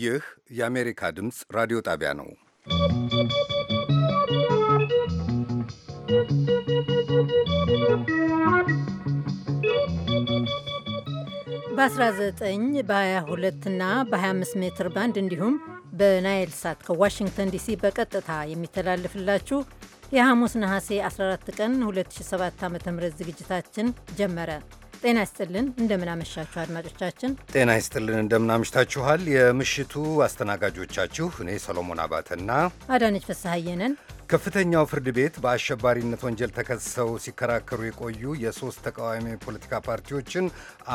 ይህ የአሜሪካ ድምፅ ራዲዮ ጣቢያ ነው። በ19 በ22 እና በ25 ሜትር ባንድ እንዲሁም በናይል ሳት ከዋሽንግተን ዲሲ በቀጥታ የሚተላለፍላችሁ የሐሙስ ነሐሴ 14 ቀን 2007 ዓ.ም ዝግጅታችን ጀመረ። ጤና ይስጥልን እንደምናመሻችሁ አድማጮቻችን። ጤና ይስጥልን እንደምናምሽታችኋል። የምሽቱ አስተናጋጆቻችሁ እኔ ሰሎሞን አባተና አዳነች ፍስሐየነን። ከፍተኛው ፍርድ ቤት በአሸባሪነት ወንጀል ተከሰው ሲከራከሩ የቆዩ የሶስት ተቃዋሚ የፖለቲካ ፓርቲዎችን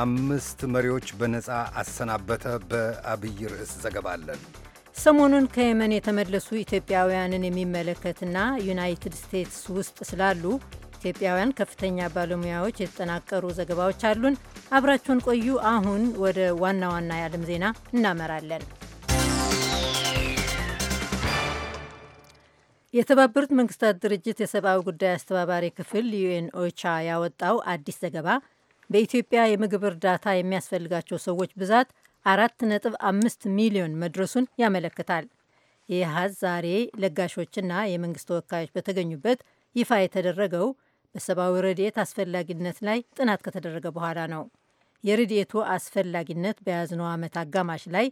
አምስት መሪዎች በነፃ አሰናበተ። በአብይ ርዕስ ዘገባ አለን። ሰሞኑን ከየመን የተመለሱ ኢትዮጵያውያንን የሚመለከትና ዩናይትድ ስቴትስ ውስጥ ስላሉ ኢትዮጵያውያን ከፍተኛ ባለሙያዎች የተጠናቀሩ ዘገባዎች አሉን። አብራችሁን ቆዩ። አሁን ወደ ዋና ዋና የዓለም ዜና እናመራለን። የተባበሩት መንግስታት ድርጅት የሰብአዊ ጉዳይ አስተባባሪ ክፍል ዩኤን ኦቻ ያወጣው አዲስ ዘገባ በኢትዮጵያ የምግብ እርዳታ የሚያስፈልጋቸው ሰዎች ብዛት አራት ነጥብ አምስት ሚሊዮን መድረሱን ያመለክታል። ይህ ዛሬ ለጋሾችና የመንግስት ተወካዮች በተገኙበት ይፋ የተደረገው በሰብአዊ ረድኤት አስፈላጊነት ላይ ጥናት ከተደረገ በኋላ ነው። የረድኤቱ አስፈላጊነት በያዝነው ዓመት አጋማሽ ላይ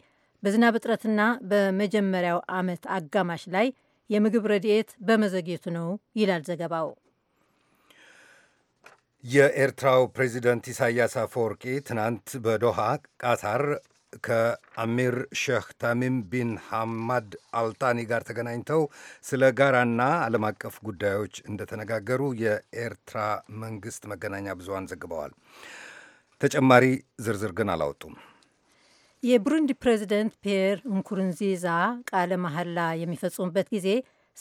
በዝናብ እጥረትና በመጀመሪያው ዓመት አጋማሽ ላይ የምግብ ረድኤት በመዘግየቱ ነው ይላል ዘገባው። የኤርትራው ፕሬዚደንት ኢሳያስ አፈወርቂ ትናንት በዶሃ ቃታር ከአሚር ሼህ ታሚም ቢን ሐማድ አልጣኒ ጋር ተገናኝተው ስለ ጋራና ዓለም አቀፍ ጉዳዮች እንደተነጋገሩ የኤርትራ መንግስት መገናኛ ብዙሃን ዘግበዋል። ተጨማሪ ዝርዝር ግን አላወጡም። የቡሩንዲ ፕሬዚደንት ፒየር እንኩርንዚዛ ቃለ መሐላ የሚፈጽሙበት ጊዜ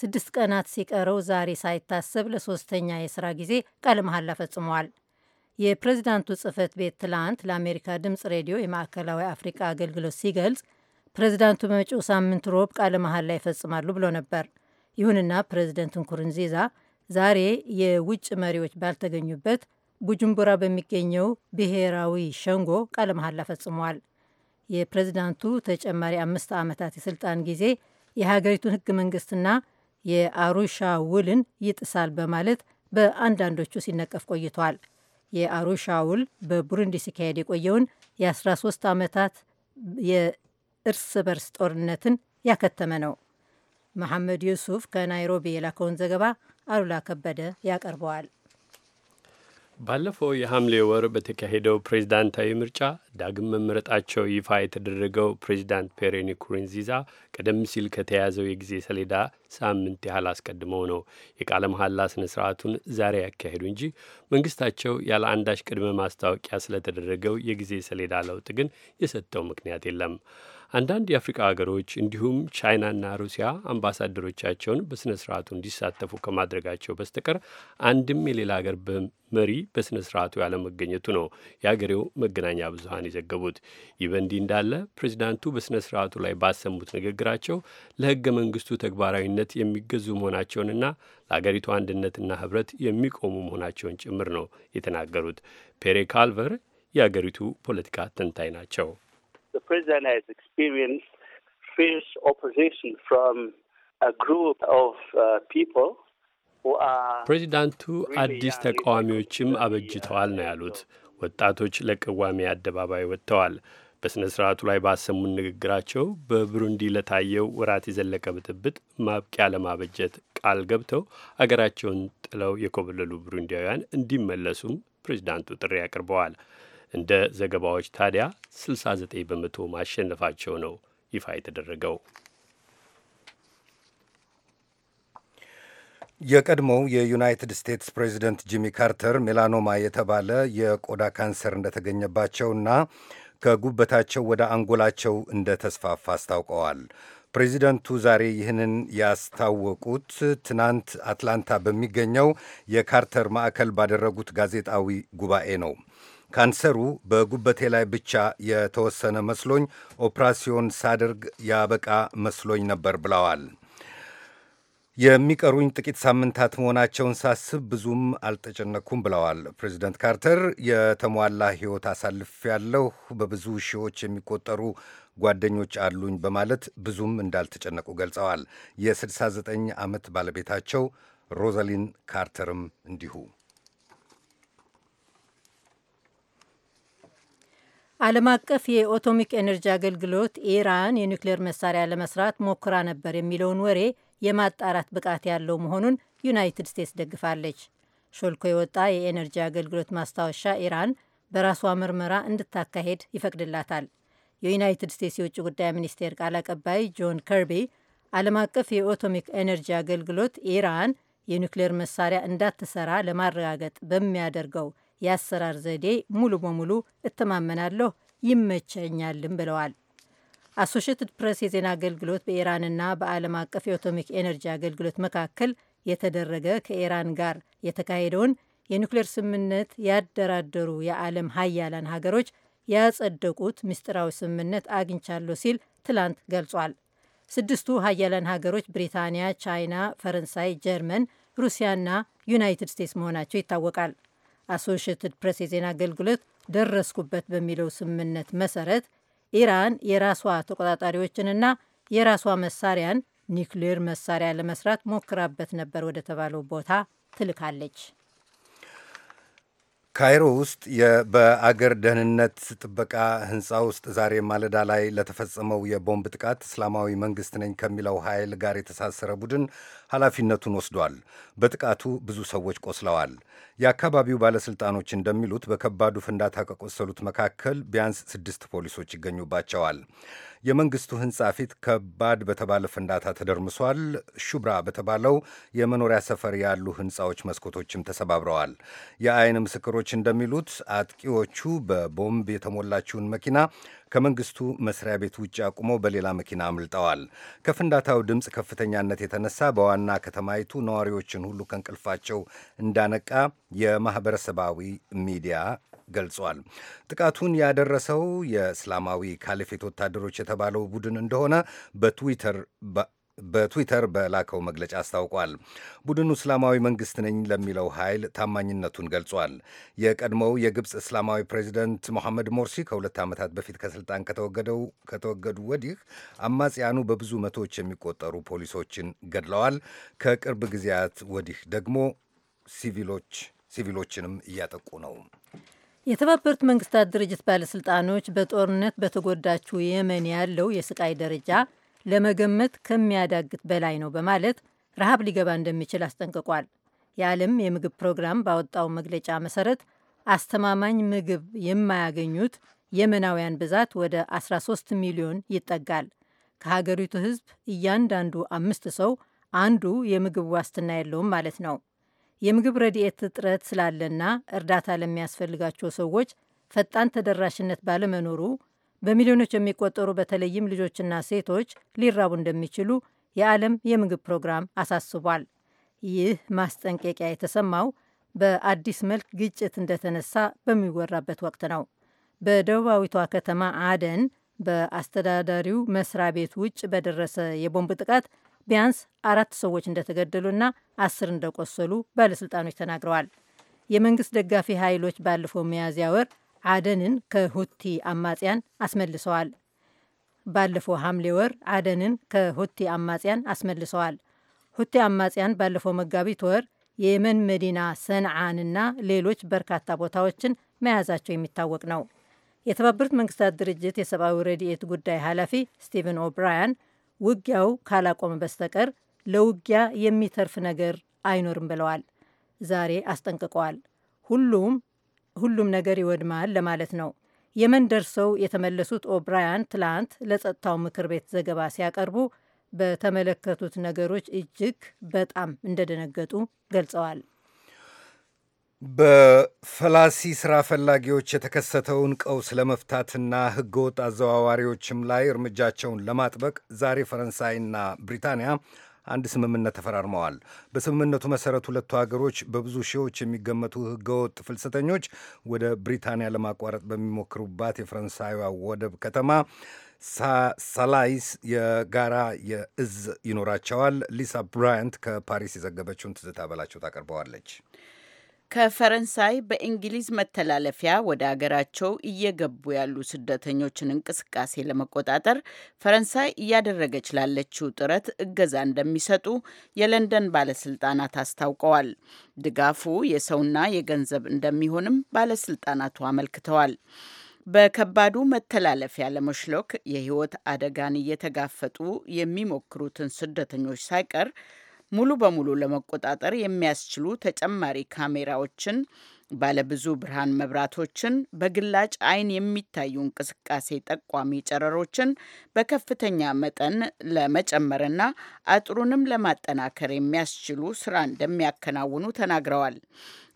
ስድስት ቀናት ሲቀረው ዛሬ ሳይታሰብ ለሶስተኛ የስራ ጊዜ ቃለ መሐላ ፈጽመዋል። የፕሬዚዳንቱ ጽህፈት ቤት ትላንት ለአሜሪካ ድምፅ ሬዲዮ የማዕከላዊ አፍሪቃ አገልግሎት ሲገልጽ ፕሬዚዳንቱ በመጪው ሳምንት ሮብ ቃለ ላይ ይፈጽማሉ ብሎ ነበር። ይሁንና ፕሬዚደንት ንኩሩንዚዛ ዛሬ የውጭ መሪዎች ባልተገኙበት ቡጁምቡራ በሚገኘው ብሔራዊ ሸንጎ ቃለ መሐላ ፈጽመዋል። የፕሬዚዳንቱ ተጨማሪ አምስት ዓመታት የስልጣን ጊዜ የሀገሪቱን ህገ መንግስትና የአሩሻ ውልን ይጥሳል በማለት በአንዳንዶቹ ሲነቀፍ ቆይቷል። የአሩሻ ውል በቡሩንዲ ሲካሄድ የቆየውን የ13 ዓመታት የእርስ በርስ ጦርነትን ያከተመ ነው። መሐመድ ዩሱፍ ከናይሮቢ የላከውን ዘገባ አሉላ ከበደ ያቀርበዋል። ባለፈው የሐምሌ ወር በተካሄደው ፕሬዝዳንታዊ ምርጫ ዳግም መመረጣቸው ይፋ የተደረገው ፕሬዚዳንት ፔሬን ንኩሩንዚዛ ቀደም ሲል ከተያዘው የጊዜ ሰሌዳ ሳምንት ያህል አስቀድመው ነው የቃለ መሐላ ስነ ስርዓቱን ዛሬ ያካሄዱ እንጂ መንግስታቸው ያለ አንዳች ቅድመ ማስታወቂያ ስለተደረገው የጊዜ ሰሌዳ ለውጥ ግን የሰጠው ምክንያት የለም። አንዳንድ የአፍሪቃ ሀገሮች እንዲሁም ቻይናና ሩሲያ አምባሳደሮቻቸውን በሥነ ስርዓቱ እንዲሳተፉ ከማድረጋቸው በስተቀር አንድም የሌላ ሀገር መሪ በሥነ ስርዓቱ ያለመገኘቱ ነው የአገሬው መገናኛ ብዙሀን የዘገቡት። ይህ በእንዲህ እንዳለ ፕሬዚዳንቱ በሥነ ስርዓቱ ላይ ባሰሙት ንግግራቸው ለሕገ መንግስቱ ተግባራዊነት የሚገዙ መሆናቸውንና ለአገሪቱ አንድነትና ህብረት የሚቆሙ መሆናቸውን ጭምር ነው የተናገሩት። ፔሬ ካልቨር የአገሪቱ ፖለቲካ ተንታኝ ናቸው። prison has experienced fierce opposition from a group of uh, people ፕሬዚዳንቱ አዲስ ተቃዋሚዎችም አበጅተዋል ነው ያሉት። ወጣቶች ለቅዋሜ አደባባይ ወጥተዋል። በሥነ ሥርዓቱ ላይ ባሰሙን ንግግራቸው በብሩንዲ ለታየው ወራት የዘለቀ ብጥብጥ ማብቂያ ለማበጀት ቃል ገብተው አገራቸውን ጥለው የኮበለሉ ብሩንዲያውያን እንዲመለሱም ፕሬዚዳንቱ ጥሪ አቅርበዋል። እንደ ዘገባዎች ታዲያ 69 በመቶ ማሸነፋቸው ነው ይፋ የተደረገው። የቀድሞው የዩናይትድ ስቴትስ ፕሬዚደንት ጂሚ ካርተር ሜላኖማ የተባለ የቆዳ ካንሰር እንደተገኘባቸውና ከጉበታቸው ወደ አንጎላቸው እንደተስፋፋ አስታውቀዋል። ፕሬዚደንቱ ዛሬ ይህንን ያስታወቁት ትናንት አትላንታ በሚገኘው የካርተር ማዕከል ባደረጉት ጋዜጣዊ ጉባኤ ነው። ካንሰሩ በጉበቴ ላይ ብቻ የተወሰነ መስሎኝ ኦፕራሲዮን ሳደርግ ያበቃ መስሎኝ ነበር ብለዋል። የሚቀሩኝ ጥቂት ሳምንታት መሆናቸውን ሳስብ ብዙም አልተጨነኩም ብለዋል ፕሬዚደንት ካርተር። የተሟላ ሕይወት ያለሁ በብዙ ሺዎች የሚቆጠሩ ጓደኞች አሉኝ በማለት ብዙም እንዳልተጨነቁ ገልጸዋል። የ69 ዓመት ባለቤታቸው ሮዛሊን ካርተርም እንዲሁ ዓለም አቀፍ የኦቶሚክ ኤነርጂ አገልግሎት ኢራን የኒውክሌር መሳሪያ ለመስራት ሞክራ ነበር የሚለውን ወሬ የማጣራት ብቃት ያለው መሆኑን ዩናይትድ ስቴትስ ደግፋለች። ሾልኮ የወጣ የኤነርጂ አገልግሎት ማስታወሻ ኢራን በራሷ ምርመራ እንድታካሄድ ይፈቅድላታል። የዩናይትድ ስቴትስ የውጭ ጉዳይ ሚኒስቴር ቃል አቀባይ ጆን ከርቢ ዓለም አቀፍ የኦቶሚክ ኤነርጂ አገልግሎት ኢራን የኒውክሌር መሳሪያ እንዳትሰራ ለማረጋገጥ በሚያደርገው የአሰራር ዘዴ ሙሉ በሙሉ እተማመናለሁ፣ ይመቸኛልም ብለዋል። አሶሽትድ ፕሬስ የዜና አገልግሎት በኢራንና በዓለም አቀፍ የአቶሚክ ኤነርጂ አገልግሎት መካከል የተደረገ ከኢራን ጋር የተካሄደውን የኒውክሌር ስምምነት ያደራደሩ የዓለም ሀያላን ሀገሮች ያጸደቁት ምስጢራዊ ስምምነት አግኝቻለሁ ሲል ትላንት ገልጿል። ስድስቱ ሀያላን ሀገሮች ብሪታንያ፣ ቻይና፣ ፈረንሳይ፣ ጀርመን፣ ሩሲያና ዩናይትድ ስቴትስ መሆናቸው ይታወቃል። አሶሽትድ ፕሬስ የዜና አገልግሎት ደረስኩበት በሚለው ስምምነት መሰረት ኢራን የራሷ ተቆጣጣሪዎችንና የራሷ መሳሪያን ኒውክሌር መሳሪያ ለመስራት ሞክራበት ነበር ወደ ተባለው ቦታ ትልካለች። ካይሮ ውስጥ በአገር ደህንነት ጥበቃ ህንፃ ውስጥ ዛሬ ማለዳ ላይ ለተፈጸመው የቦምብ ጥቃት እስላማዊ መንግስት ነኝ ከሚለው ኃይል ጋር የተሳሰረ ቡድን ኃላፊነቱን ወስዷል። በጥቃቱ ብዙ ሰዎች ቆስለዋል። የአካባቢው ባለሥልጣኖች እንደሚሉት በከባዱ ፍንዳታ ከቆሰሉት መካከል ቢያንስ ስድስት ፖሊሶች ይገኙባቸዋል። የመንግስቱ ህንፃ ፊት ከባድ በተባለ ፍንዳታ ተደርምሷል። ሹብራ በተባለው የመኖሪያ ሰፈር ያሉ ህንፃዎች መስኮቶችም ተሰባብረዋል። የአይን ምስክሮች እንደሚሉት አጥቂዎቹ በቦምብ የተሞላችውን መኪና ከመንግስቱ መስሪያ ቤት ውጭ አቁመው በሌላ መኪና አምልጠዋል። ከፍንዳታው ድምፅ ከፍተኛነት የተነሳ በዋና ከተማይቱ ነዋሪዎችን ሁሉ ከእንቅልፋቸው እንዳነቃ የማህበረሰባዊ ሚዲያ ገልጿል። ጥቃቱን ያደረሰው የእስላማዊ ካሊፌት ወታደሮች የተባለው ቡድን እንደሆነ በትዊተር በትዊተር በላከው መግለጫ አስታውቋል። ቡድኑ እስላማዊ መንግስት ነኝ ለሚለው ኃይል ታማኝነቱን ገልጿል። የቀድሞው የግብፅ እስላማዊ ፕሬዚደንት መሐመድ ሞርሲ ከሁለት ዓመታት በፊት ከስልጣን ከተወገዱ ወዲህ አማጽያኑ በብዙ መቶዎች የሚቆጠሩ ፖሊሶችን ገድለዋል። ከቅርብ ጊዜያት ወዲህ ደግሞ ሲቪሎች ሲቪሎችንም እያጠቁ ነው። የተባበሩት መንግስታት ድርጅት ባለስልጣኖች በጦርነት በተጎዳችው የመን ያለው የስቃይ ደረጃ ለመገመት ከሚያዳግት በላይ ነው በማለት ረሃብ ሊገባ እንደሚችል አስጠንቅቋል። የዓለም የምግብ ፕሮግራም ባወጣው መግለጫ መሰረት አስተማማኝ ምግብ የማያገኙት የመናውያን ብዛት ወደ 13 ሚሊዮን ይጠጋል። ከሀገሪቱ ሕዝብ እያንዳንዱ አምስት ሰው አንዱ የምግብ ዋስትና የለውም ማለት ነው። የምግብ ረድኤት እጥረት ስላለና እርዳታ ለሚያስፈልጋቸው ሰዎች ፈጣን ተደራሽነት ባለመኖሩ በሚሊዮኖች የሚቆጠሩ በተለይም ልጆችና ሴቶች ሊራቡ እንደሚችሉ የዓለም የምግብ ፕሮግራም አሳስቧል። ይህ ማስጠንቀቂያ የተሰማው በአዲስ መልክ ግጭት እንደተነሳ በሚወራበት ወቅት ነው። በደቡባዊቷ ከተማ አደን በአስተዳዳሪው መስሪያ ቤት ውጭ በደረሰ የቦምብ ጥቃት ቢያንስ አራት ሰዎች እንደተገደሉና አስር እንደቆሰሉ ባለሥልጣኖች ተናግረዋል። የመንግስት ደጋፊ ኃይሎች ባለፈው መያዝያ ወር አደንን ከሁቲ አማጽያን አስመልሰዋል። ባለፈው ሐምሌ ወር አደንን ከሁቲ አማጽያን አስመልሰዋል። ሁቲ አማጽያን ባለፈው መጋቢት ወር የየመን መዲና ሰንዓንና ሌሎች በርካታ ቦታዎችን መያዛቸው የሚታወቅ ነው። የተባበሩት መንግስታት ድርጅት የሰብአዊ ረድኤት ጉዳይ ኃላፊ ስቲቨን ኦብራያን ውጊያው ካላቆመ በስተቀር ለውጊያ የሚተርፍ ነገር አይኖርም ብለዋል። ዛሬ አስጠንቅቀዋል። ሁሉም ሁሉም ነገር ይወድማል ለማለት ነው። የመን ደርሰው የተመለሱት ኦብራያን ትላንት ለጸጥታው ምክር ቤት ዘገባ ሲያቀርቡ በተመለከቱት ነገሮች እጅግ በጣም እንደደነገጡ ገልጸዋል። በፈላሲ ስራ ፈላጊዎች የተከሰተውን ቀውስ ለመፍታትና ህገወጥ አዘዋዋሪዎችም ላይ እርምጃቸውን ለማጥበቅ ዛሬ ፈረንሳይና ብሪታንያ አንድ ስምምነት ተፈራርመዋል። በስምምነቱ መሰረት ሁለቱ ሀገሮች በብዙ ሺዎች የሚገመቱ ህገወጥ ፍልሰተኞች ወደ ብሪታንያ ለማቋረጥ በሚሞክሩባት የፈረንሳይዋ ወደብ ከተማ ሳላይስ የጋራ የእዝ ይኖራቸዋል። ሊሳ ብራያንት ከፓሪስ የዘገበችውን ትዝታ በላቸው ታቀርበዋለች። ከፈረንሳይ በእንግሊዝ መተላለፊያ ወደ አገራቸው እየገቡ ያሉ ስደተኞችን እንቅስቃሴ ለመቆጣጠር ፈረንሳይ እያደረገች ላለችው ጥረት እገዛ እንደሚሰጡ የለንደን ባለስልጣናት አስታውቀዋል። ድጋፉ የሰውና የገንዘብ እንደሚሆንም ባለስልጣናቱ አመልክተዋል። በከባዱ መተላለፊያ ለመሽሎክ የሕይወት አደጋን እየተጋፈጡ የሚሞክሩትን ስደተኞች ሳይቀር ሙሉ በሙሉ ለመቆጣጠር የሚያስችሉ ተጨማሪ ካሜራዎችን፣ ባለብዙ ብርሃን መብራቶችን፣ በግላጭ አይን የሚታዩ እንቅስቃሴ ጠቋሚ ጨረሮችን በከፍተኛ መጠን ለመጨመርና አጥሩንም ለማጠናከር የሚያስችሉ ስራ እንደሚያከናውኑ ተናግረዋል።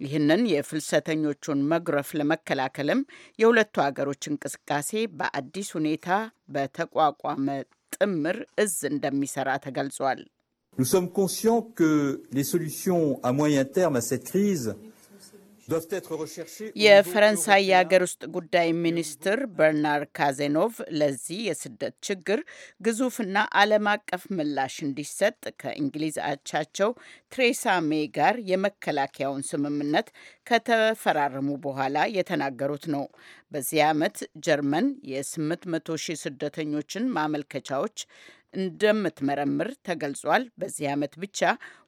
ይህንን የፍልሰተኞቹን መጉረፍ ለመከላከልም የሁለቱ ሀገሮች እንቅስቃሴ በአዲስ ሁኔታ በተቋቋመ ጥምር እዝ እንደሚሰራ ተገልጿል። Nous sommes conscients que les solutions à moyen terme à cette crise የፈረንሳይ የሀገር ውስጥ ጉዳይ ሚኒስትር በርናር ካዜኖቭ ለዚህ የስደት ችግር ግዙፍና ዓለም አቀፍ ምላሽ እንዲሰጥ ከእንግሊዝ አቻቸው ትሬሳ ሜይ ጋር የመከላከያውን ስምምነት ከተፈራረሙ በኋላ የተናገሩት ነው። በዚህ ዓመት ጀርመን የ800 ሺህ ስደተኞችን ማመልከቻዎች እንደምትመረምር ተገልጿል። በዚህ ዓመት ብቻ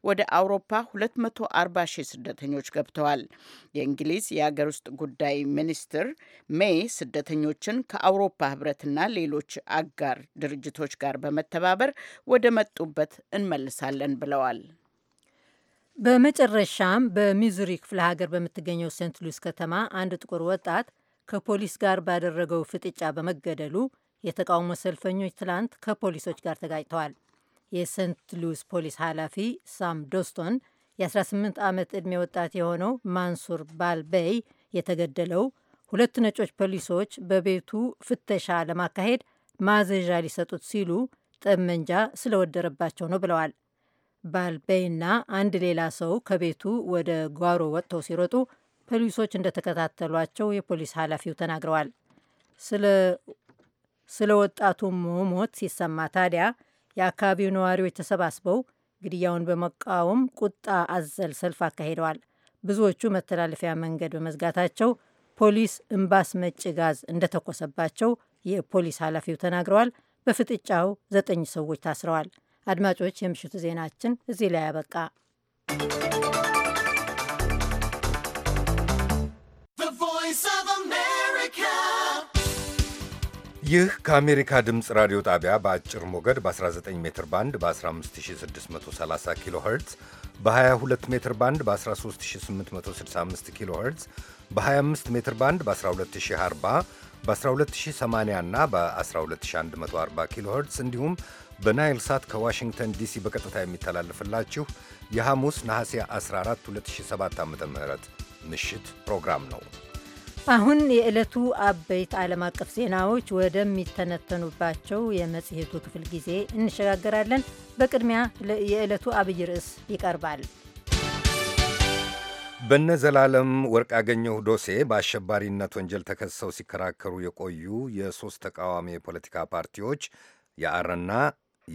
ወደ አውሮፓ 240 ሺህ ስደተኞች ገብተዋል። የእንግሊዝ የአገር ውስጥ ጉዳይ ሚኒስትር ሜይ ስደተኞችን ከአውሮፓ ህብረትና ሌሎች አጋር ድርጅቶች ጋር በመተባበር ወደ መጡበት እንመልሳለን ብለዋል። በመጨረሻም በሚዙሪ ክፍለ ሀገር በምትገኘው ሴንት ሉዊስ ከተማ አንድ ጥቁር ወጣት ከፖሊስ ጋር ባደረገው ፍጥጫ በመገደሉ የተቃውሞ ሰልፈኞች ትላንት ከፖሊሶች ጋር ተጋጭተዋል። የሰንት ሉዊስ ፖሊስ ኃላፊ ሳም ዶስቶን የ18 ዓመት ዕድሜ ወጣት የሆነው ማንሱር ባልበይ የተገደለው ሁለት ነጮች ፖሊሶች በቤቱ ፍተሻ ለማካሄድ ማዘዣ ሊሰጡት ሲሉ ጠመንጃ ስለወደረባቸው ነው ብለዋል። ባልበይና አንድ ሌላ ሰው ከቤቱ ወደ ጓሮ ወጥተው ሲሮጡ ፖሊሶች እንደተከታተሏቸው የፖሊስ ኃላፊው ተናግረዋል። ስለ ስለ ወጣቱ መሞት ሲሰማ ታዲያ የአካባቢው ነዋሪዎች ተሰባስበው ግድያውን በመቃወም ቁጣ አዘል ሰልፍ አካሂደዋል። ብዙዎቹ መተላለፊያ መንገድ በመዝጋታቸው ፖሊስ እምባስ መጭ ጋዝ እንደተኮሰባቸው የፖሊስ ኃላፊው ተናግረዋል። በፍጥጫው ዘጠኝ ሰዎች ታስረዋል። አድማጮች፣ የምሽቱ ዜናችን እዚህ ላይ ያበቃ። ይህ ከአሜሪካ ድምፅ ራዲዮ ጣቢያ በአጭር ሞገድ በ19 ሜትር ባንድ በ15630 ኪሎ ኸርትዝ በ22 ሜትር ባንድ በ13865 ኪሎ ኸርትዝ በ25 ሜትር ባንድ በ12040 በ12080 እና በ12140 ኪሎ ኸርትዝ እንዲሁም በናይል ሳት ከዋሽንግተን ዲሲ በቀጥታ የሚተላለፍላችሁ የሐሙስ ነሐሴ 14 2007 ዓ.ም ምሽት ፕሮግራም ነው። አሁን የዕለቱ አበይት ዓለም አቀፍ ዜናዎች ወደሚተነተኑባቸው የመጽሔቱ ክፍል ጊዜ እንሸጋገራለን። በቅድሚያ የዕለቱ አብይ ርዕስ ይቀርባል። በነ ዘላለም ያገኘው ዶሴ በአሸባሪነት ወንጀል ተከሰው ሲከራከሩ የቆዩ የሦስት ተቃዋሚ የፖለቲካ ፓርቲዎች የአረና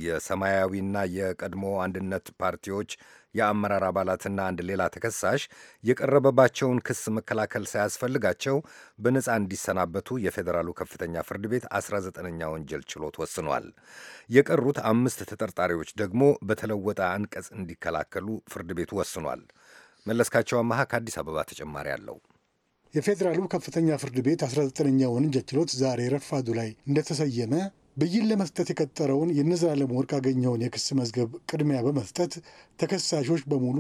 የሰማያዊና የቀድሞ አንድነት ፓርቲዎች የአመራር አባላትና አንድ ሌላ ተከሳሽ የቀረበባቸውን ክስ መከላከል ሳያስፈልጋቸው በነፃ እንዲሰናበቱ የፌዴራሉ ከፍተኛ ፍርድ ቤት 19ኛ ወንጀል ችሎት ወስኗል። የቀሩት አምስት ተጠርጣሪዎች ደግሞ በተለወጠ አንቀጽ እንዲከላከሉ ፍርድ ቤቱ ወስኗል። መለስካቸው አመሃ ከአዲስ አበባ ተጨማሪ አለው። የፌዴራሉ ከፍተኛ ፍርድ ቤት 19ኛ ወንጀል ችሎት ዛሬ ረፋዱ ላይ እንደተሰየመ ብይን ለመስጠት የቀጠረውን የነዘላለም ወርቅ አገኘውን የክስ መዝገብ ቅድሚያ በመስጠት ተከሳሾች በሙሉ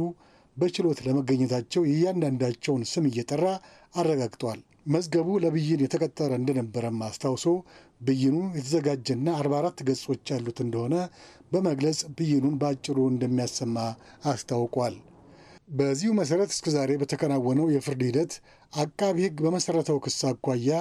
በችሎት ለመገኘታቸው የእያንዳንዳቸውን ስም እየጠራ አረጋግጧል። መዝገቡ ለብይን የተቀጠረ እንደነበረም አስታውሶ ብይኑ የተዘጋጀና 44 ገጾች ያሉት እንደሆነ በመግለጽ ብይኑን በአጭሩ እንደሚያሰማ አስታውቋል። በዚሁ መሰረት እስከ ዛሬ በተከናወነው የፍርድ ሂደት አቃቢ ሕግ በመሠረተው ክስ አኳያ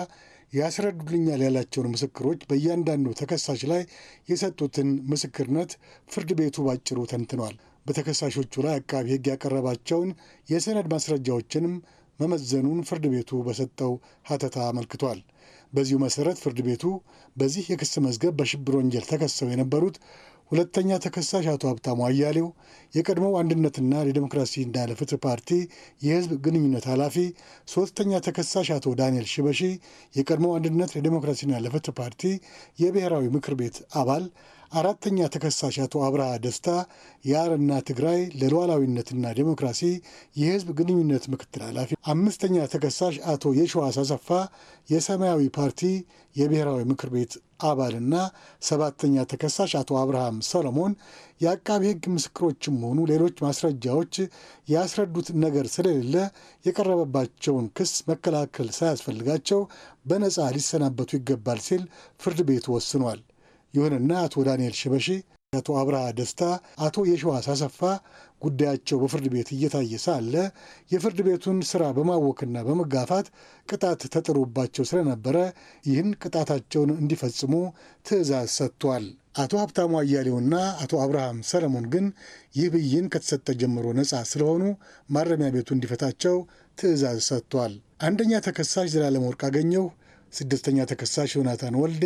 ያስረዱልኛል ያላቸውን ምስክሮች በእያንዳንዱ ተከሳሽ ላይ የሰጡትን ምስክርነት ፍርድ ቤቱ ባጭሩ ተንትኗል። በተከሳሾቹ ላይ አቃቢ ሕግ ያቀረባቸውን የሰነድ ማስረጃዎችንም መመዘኑን ፍርድ ቤቱ በሰጠው ሀተታ አመልክቷል። በዚሁ መሰረት ፍርድ ቤቱ በዚህ የክስ መዝገብ በሽብር ወንጀል ተከሰው የነበሩት ሁለተኛ ተከሳሽ አቶ ሀብታሙ አያሌው፣ የቀድሞው አንድነትና ለዲሞክራሲና ለፍትህ ፓርቲ የህዝብ ግንኙነት ኃላፊ ሶስተኛ ተከሳሽ አቶ ዳንኤል ሽበሺ የቀድሞው አንድነት ለዲሞክራሲና ለፍትህ ፓርቲ የብሔራዊ ምክር ቤት አባል አራተኛ ተከሳሽ አቶ አብርሃ ደስታ የአረና ትግራይ ለሉዓላዊነትና ዴሞክራሲ የህዝብ ግንኙነት ምክትል ኃላፊ፣ አምስተኛ ተከሳሽ አቶ የሸዋስ አሰፋ የሰማያዊ ፓርቲ የብሔራዊ ምክር ቤት አባልና ሰባተኛ ተከሳሽ አቶ አብርሃም ሰሎሞን የአቃቢ ሕግ ምስክሮችም ሆኑ ሌሎች ማስረጃዎች ያስረዱት ነገር ስለሌለ የቀረበባቸውን ክስ መከላከል ሳያስፈልጋቸው በነፃ ሊሰናበቱ ይገባል ሲል ፍርድ ቤቱ ወስኗል። ይሁንና አቶ ዳንኤል ሽበሺ፣ አቶ አብርሃ ደስታ፣ አቶ የሸዋስ አሰፋ ጉዳያቸው በፍርድ ቤት እየታየ ሳለ የፍርድ ቤቱን ስራ በማወክና በመጋፋት ቅጣት ተጥሮባቸው ስለነበረ ይህን ቅጣታቸውን እንዲፈጽሙ ትዕዛዝ ሰጥቷል። አቶ ሀብታሙ አያሌውና አቶ አብርሃም ሰለሞን ግን ይህ ብይን ከተሰጠ ጀምሮ ነፃ ስለሆኑ ማረሚያ ቤቱ እንዲፈታቸው ትዕዛዝ ሰጥቷል። አንደኛ ተከሳሽ ዘላለም ወርቅ አገኘሁ፣ ስድስተኛ ተከሳሽ ዮናታን ወልዴ፣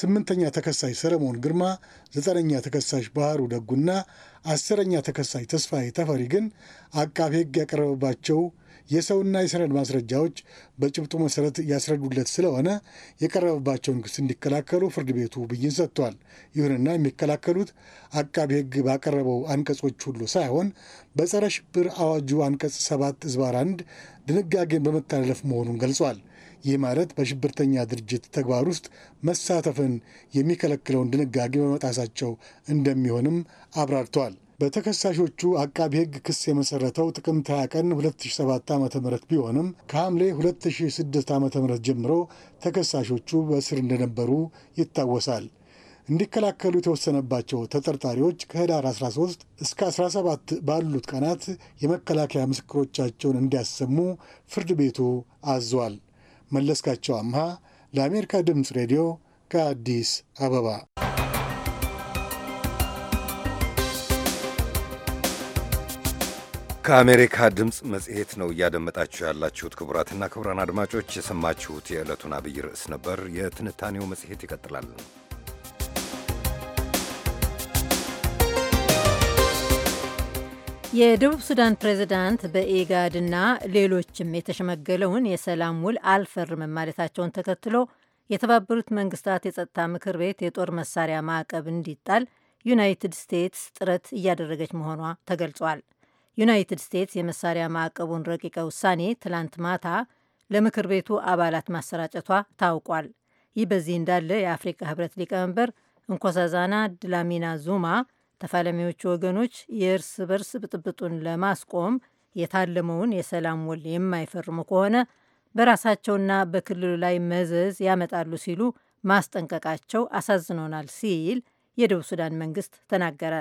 ስምንተኛ ተከሳሽ ሰለሞን ግርማ፣ ዘጠነኛ ተከሳሽ ባህሩ ደጉና አስረኛ ተከሳሽ ተስፋዬ ተፈሪ ግን አቃቤ ሕግ ያቀረበባቸው የሰውና የሰነድ ማስረጃዎች በጭብጡ መሰረት ያስረዱለት ስለሆነ የቀረበባቸውን ክስ እንዲከላከሉ ፍርድ ቤቱ ብይን ሰጥቷል። ይሁንና የሚከላከሉት አቃቢ ሕግ ባቀረበው አንቀጾች ሁሉ ሳይሆን በጸረ ሽብር አዋጁ አንቀጽ ሰባት ዝባር አንድ ድንጋጌን በመተላለፍ መሆኑን ገልጿል። ይህ ማለት በሽብርተኛ ድርጅት ተግባር ውስጥ መሳተፍን የሚከለክለውን ድንጋጌ በመጣሳቸው እንደሚሆንም አብራርተዋል። በተከሳሾቹ አቃቢ ሕግ ክስ የመሰረተው ጥቅምት 20 ቀን 2007 ዓ ም ቢሆንም ከሐምሌ 2006 ዓ ም ጀምሮ ተከሳሾቹ በእስር እንደነበሩ ይታወሳል። እንዲከላከሉ የተወሰነባቸው ተጠርጣሪዎች ከህዳር 13 እስከ 17 ባሉት ቀናት የመከላከያ ምስክሮቻቸውን እንዲያሰሙ ፍርድ ቤቱ አዟል። መለስካቸው አምሃ ለአሜሪካ ድምፅ ሬዲዮ ከአዲስ አበባ ከአሜሪካ ድምፅ መጽሔት ነው እያደመጣችሁ ያላችሁት። ክቡራትና ክቡራን አድማጮች የሰማችሁት የዕለቱን አብይ ርዕስ ነበር። የትንታኔው መጽሔት ይቀጥላል። የደቡብ ሱዳን ፕሬዝዳንት በኢጋድና ሌሎችም የተሸመገለውን የሰላም ውል አልፈርምም ማለታቸውን ተከትሎ የተባበሩት መንግስታት የጸጥታ ምክር ቤት የጦር መሳሪያ ማዕቀብ እንዲጣል ዩናይትድ ስቴትስ ጥረት እያደረገች መሆኗ ተገልጿል። ዩናይትድ ስቴትስ የመሳሪያ ማዕቀቡን ረቂቀ ውሳኔ ትላንት ማታ ለምክር ቤቱ አባላት ማሰራጨቷ ታውቋል። ይህ በዚህ እንዳለ የአፍሪካ ህብረት ሊቀመንበር እንኮሳዛና ድላሚና ዙማ ተፋላሚዎቹ ወገኖች የእርስ በርስ ብጥብጡን ለማስቆም የታለመውን የሰላም ውል የማይፈርሙ ከሆነ በራሳቸውና በክልሉ ላይ መዘዝ ያመጣሉ ሲሉ ማስጠንቀቃቸው አሳዝኖናል ሲል የደቡብ ሱዳን መንግስት ተናገረ።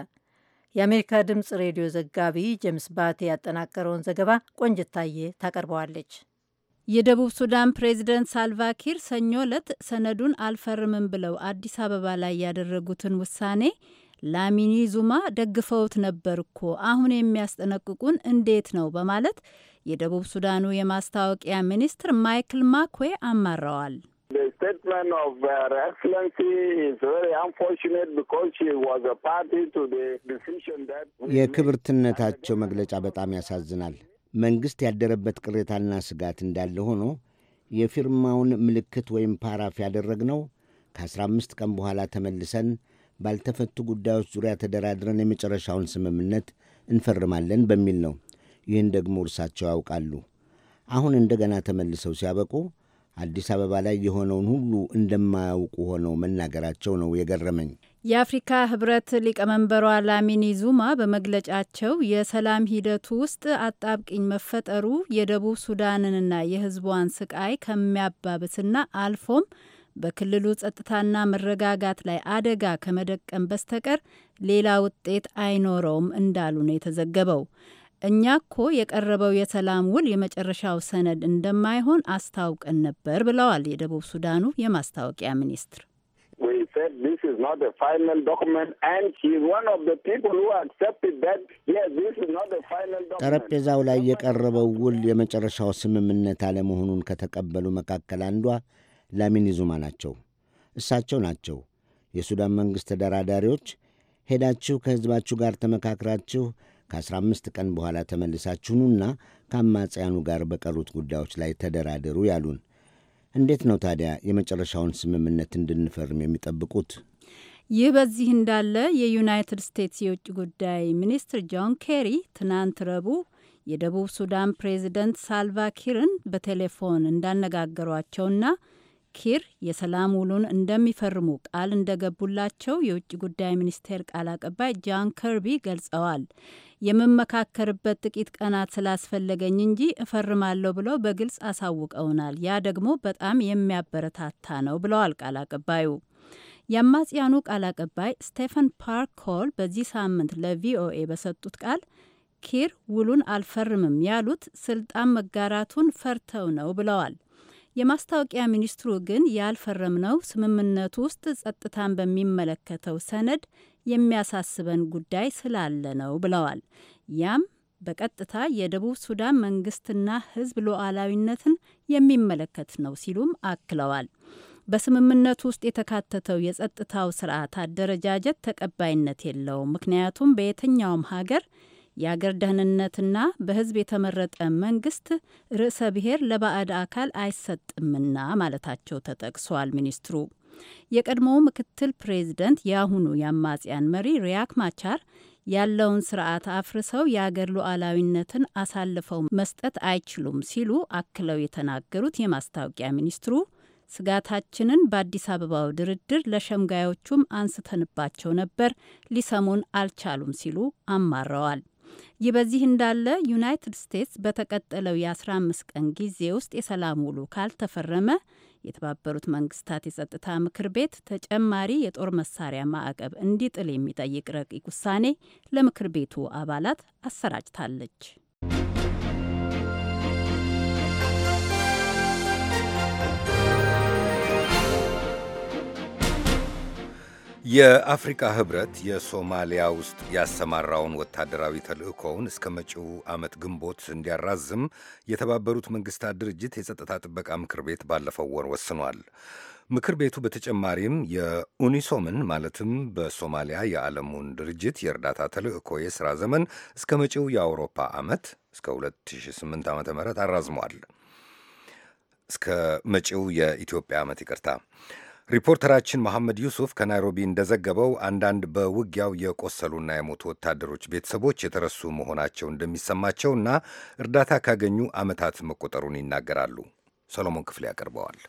የአሜሪካ ድምፅ ሬዲዮ ዘጋቢ ጄምስ ባቴ ያጠናቀረውን ዘገባ ቆንጅታዬ ታቀርበዋለች። የደቡብ ሱዳን ፕሬዚደንት ሳልቫኪር ሰኞ ዕለት ሰነዱን አልፈርምም ብለው አዲስ አበባ ላይ ያደረጉትን ውሳኔ ላሚኒ ዙማ ደግፈውት ነበር እኮ አሁን የሚያስጠነቅቁን እንዴት ነው በማለት የደቡብ ሱዳኑ የማስታወቂያ ሚኒስትር ማይክል ማክዌ አማረዋል። statement of uh, Her Excellency is very unfortunate because she was a party to the decision that የክብርትነታቸው መግለጫ በጣም ያሳዝናል። መንግስት ያደረበት ቅሬታና ስጋት እንዳለ ሆኖ የፊርማውን ምልክት ወይም ፓራፍ ያደረግነው ከ15 ቀን በኋላ ተመልሰን ባልተፈቱ ጉዳዮች ዙሪያ ተደራድረን የመጨረሻውን ስምምነት እንፈርማለን በሚል ነው። ይህን ደግሞ እርሳቸው ያውቃሉ። አሁን እንደገና ተመልሰው ሲያበቁ አዲስ አበባ ላይ የሆነውን ሁሉ እንደማያውቁ ሆነው መናገራቸው ነው የገረመኝ። የአፍሪካ ህብረት ሊቀመንበሯ ላሚኒ ዙማ በመግለጫቸው የሰላም ሂደቱ ውስጥ አጣብቂኝ መፈጠሩ የደቡብ ሱዳንንና የህዝቧን ስቃይ ከሚያባብስና አልፎም በክልሉ ጸጥታና መረጋጋት ላይ አደጋ ከመደቀም በስተቀር ሌላ ውጤት አይኖረውም እንዳሉ ነው የተዘገበው። እኛ እኮ የቀረበው የሰላም ውል የመጨረሻው ሰነድ እንደማይሆን አስታውቀን ነበር ብለዋል የደቡብ ሱዳኑ የማስታወቂያ ሚኒስትር። ጠረጴዛው ላይ የቀረበው ውል የመጨረሻው ስምምነት አለመሆኑን ከተቀበሉ መካከል አንዷ ላሚን ይዙማ ናቸው። እሳቸው ናቸው የሱዳን መንግሥት ተደራዳሪዎች ሄዳችሁ ከሕዝባችሁ ጋር ተመካክራችሁ ከ15 ቀን በኋላ ተመልሳችሁኑና ከአማጽያኑ ጋር በቀሩት ጉዳዮች ላይ ተደራደሩ ያሉን። እንዴት ነው ታዲያ የመጨረሻውን ስምምነት እንድንፈርም የሚጠብቁት? ይህ በዚህ እንዳለ የዩናይትድ ስቴትስ የውጭ ጉዳይ ሚኒስትር ጆን ኬሪ ትናንት ረቡዕ የደቡብ ሱዳን ፕሬዚደንት ሳልቫ ኪርን በቴሌፎን እንዳነጋገሯቸውና ኪር የሰላም ውሉን እንደሚፈርሙ ቃል እንደገቡላቸው የውጭ ጉዳይ ሚኒስቴር ቃል አቀባይ ጃን ከርቢ ገልጸዋል። የምመካከርበት ጥቂት ቀናት ስላስፈለገኝ እንጂ እፈርማለሁ ብለው በግልጽ አሳውቀውናል። ያ ደግሞ በጣም የሚያበረታታ ነው ብለዋል ቃል አቀባዩ። የአማጽያኑ ቃል አቀባይ ስቴፈን ፓርክ ኮል በዚህ ሳምንት ለቪኦኤ በሰጡት ቃል ኪር ውሉን አልፈርምም ያሉት ስልጣን መጋራቱን ፈርተው ነው ብለዋል። የማስታወቂያ ሚኒስትሩ ግን ያልፈረምነው ስምምነቱ ውስጥ ጸጥታን በሚመለከተው ሰነድ የሚያሳስበን ጉዳይ ስላለ ነው ብለዋል። ያም በቀጥታ የደቡብ ሱዳን መንግስትና ሕዝብ ሉዓላዊነትን የሚመለከት ነው ሲሉም አክለዋል። በስምምነቱ ውስጥ የተካተተው የጸጥታው ስርዓት አደረጃጀት ተቀባይነት የለውም። ምክንያቱም በየትኛውም ሀገር የአገር ደህንነትና በህዝብ የተመረጠ መንግስት ርዕሰ ብሔር ለባዕድ አካል አይሰጥምና ማለታቸው ተጠቅሷል። ሚኒስትሩ የቀድሞው ምክትል ፕሬዚደንት የአሁኑ የአማጽያን መሪ ሪያክ ማቻር ያለውን ስርዓት አፍርሰው የአገር ሉዓላዊነትን አሳልፈው መስጠት አይችሉም ሲሉ አክለው የተናገሩት የማስታወቂያ ሚኒስትሩ ስጋታችንን በአዲስ አበባው ድርድር ለሸምጋዮቹም አንስተንባቸው ነበር፣ ሊሰሙን አልቻሉም ሲሉ አማረዋል። ይህ በዚህ እንዳለ ዩናይትድ ስቴትስ በተቀጠለው የ15 ቀን ጊዜ ውስጥ የሰላም ውሉ ካልተፈረመ የተባበሩት መንግስታት የጸጥታ ምክር ቤት ተጨማሪ የጦር መሳሪያ ማዕቀብ እንዲጥል የሚጠይቅ ረቂቅ ውሳኔ ለምክር ቤቱ አባላት አሰራጭታለች። የአፍሪካ ህብረት የሶማሊያ ውስጥ ያሰማራውን ወታደራዊ ተልዕኮውን እስከ መጪው ዓመት ግንቦት እንዲያራዝም የተባበሩት መንግስታት ድርጅት የጸጥታ ጥበቃ ምክር ቤት ባለፈው ወር ወስኗል። ምክር ቤቱ በተጨማሪም የኡኒሶምን ማለትም በሶማሊያ የዓለሙን ድርጅት የእርዳታ ተልዕኮ የሥራ ዘመን እስከ መጪው የአውሮፓ ዓመት እስከ 2008 ዓ ም አራዝሟል። እስከ መጪው የኢትዮጵያ ዓመት ይቅርታ። ሪፖርተራችን መሐመድ ዩሱፍ ከናይሮቢ እንደዘገበው አንዳንድ በውጊያው የቆሰሉና የሞቱ ወታደሮች ቤተሰቦች የተረሱ መሆናቸው እንደሚሰማቸውና እርዳታ ካገኙ ዓመታት መቆጠሩን ይናገራሉ። ሰሎሞን ክፍሌ ያቀርበዋል።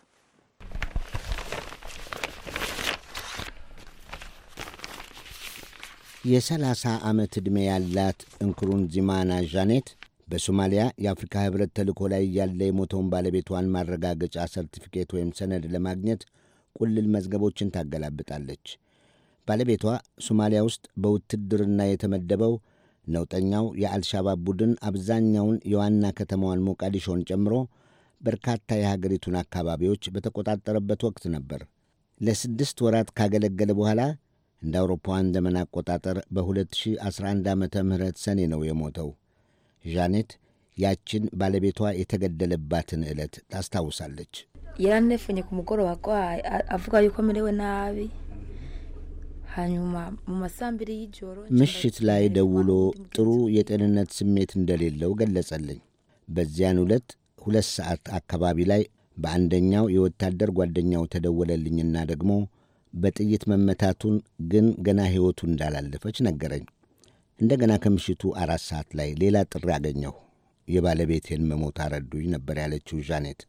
የ30 ዓመት ዕድሜ ያላት ዚማና ዣኔት በሶማሊያ የአፍሪካ ህብረት ተልእኮ ላይ ያለ የሞተውን ባለቤቷን ማረጋገጫ ሰርቲፊኬት ወይም ሰነድ ለማግኘት ቁልል መዝገቦችን ታገላብጣለች። ባለቤቷ ሶማሊያ ውስጥ በውትድርና የተመደበው ነውጠኛው የአልሻባብ ቡድን አብዛኛውን የዋና ከተማዋን ሞቃዲሾን ጨምሮ በርካታ የሀገሪቱን አካባቢዎች በተቆጣጠረበት ወቅት ነበር። ለስድስት ወራት ካገለገለ በኋላ እንደ አውሮፓውያን ዘመን አቆጣጠር በ2011 ዓ ም ሰኔ ነው የሞተው። ዣኔት ያችን ባለቤቷ የተገደለባትን ዕለት ታስታውሳለች። yaranefunye ku mugoroba arwaye avuga yuko amerewe nabi hanyuma mu masambiri y'ijoro ምሽት ላይ ደውሎ ጥሩ የጤንነት ስሜት እንደሌለው ገለጸልኝ። በዚያን ዕለት ሁለት ሰዓት አካባቢ ላይ በአንደኛው የወታደር ጓደኛው ተደወለልኝና ደግሞ በጥይት መመታቱን ግን ገና ሕይወቱ እንዳላለፈች ነገረኝ። እንደገና ከምሽቱ አራት ሰዓት ላይ ሌላ ጥሪ አገኘሁ። የባለቤቴን መሞት አረዱኝ ነበር ያለችው ዣኔት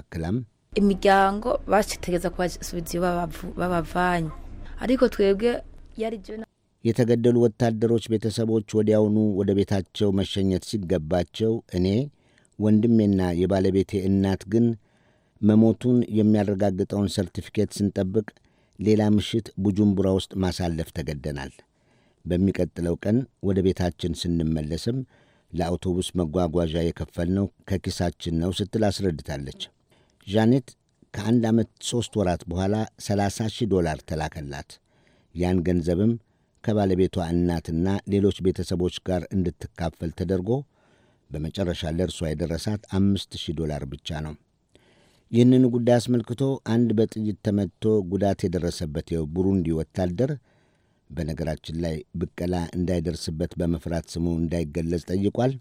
አክላም imiryango bacitegeza kubasubiza iyo babavanye ariko twebwe yari የተገደሉ ወታደሮች ቤተሰቦች ወዲያውኑ ወደ ቤታቸው መሸኘት ሲገባቸው እኔ ወንድሜና የባለቤቴ እናት ግን መሞቱን የሚያረጋግጠውን ሰርቲፊኬት ስንጠብቅ ሌላ ምሽት ቡጁምቡራ ውስጥ ማሳለፍ ተገደናል። በሚቀጥለው ቀን ወደ ቤታችን ስንመለስም ለአውቶቡስ መጓጓዣ የከፈልነው ከኪሳችን ነው ስትል አስረድታለች። ዣኔት ከአንድ ዓመት ሦስት ወራት በኋላ 30 ሺህ ዶላር ተላከላት። ያን ገንዘብም ከባለቤቷ እናትና ሌሎች ቤተሰቦች ጋር እንድትካፈል ተደርጎ በመጨረሻ ለእርሷ የደረሳት አምስት ሺህ ዶላር ብቻ ነው። ይህንን ጉዳይ አስመልክቶ አንድ በጥይት ተመትቶ ጉዳት የደረሰበት የቡሩንዲ ወታደር በነገራችን ላይ ብቀላ እንዳይደርስበት በመፍራት ስሙ እንዳይገለጽ ጠይቋል።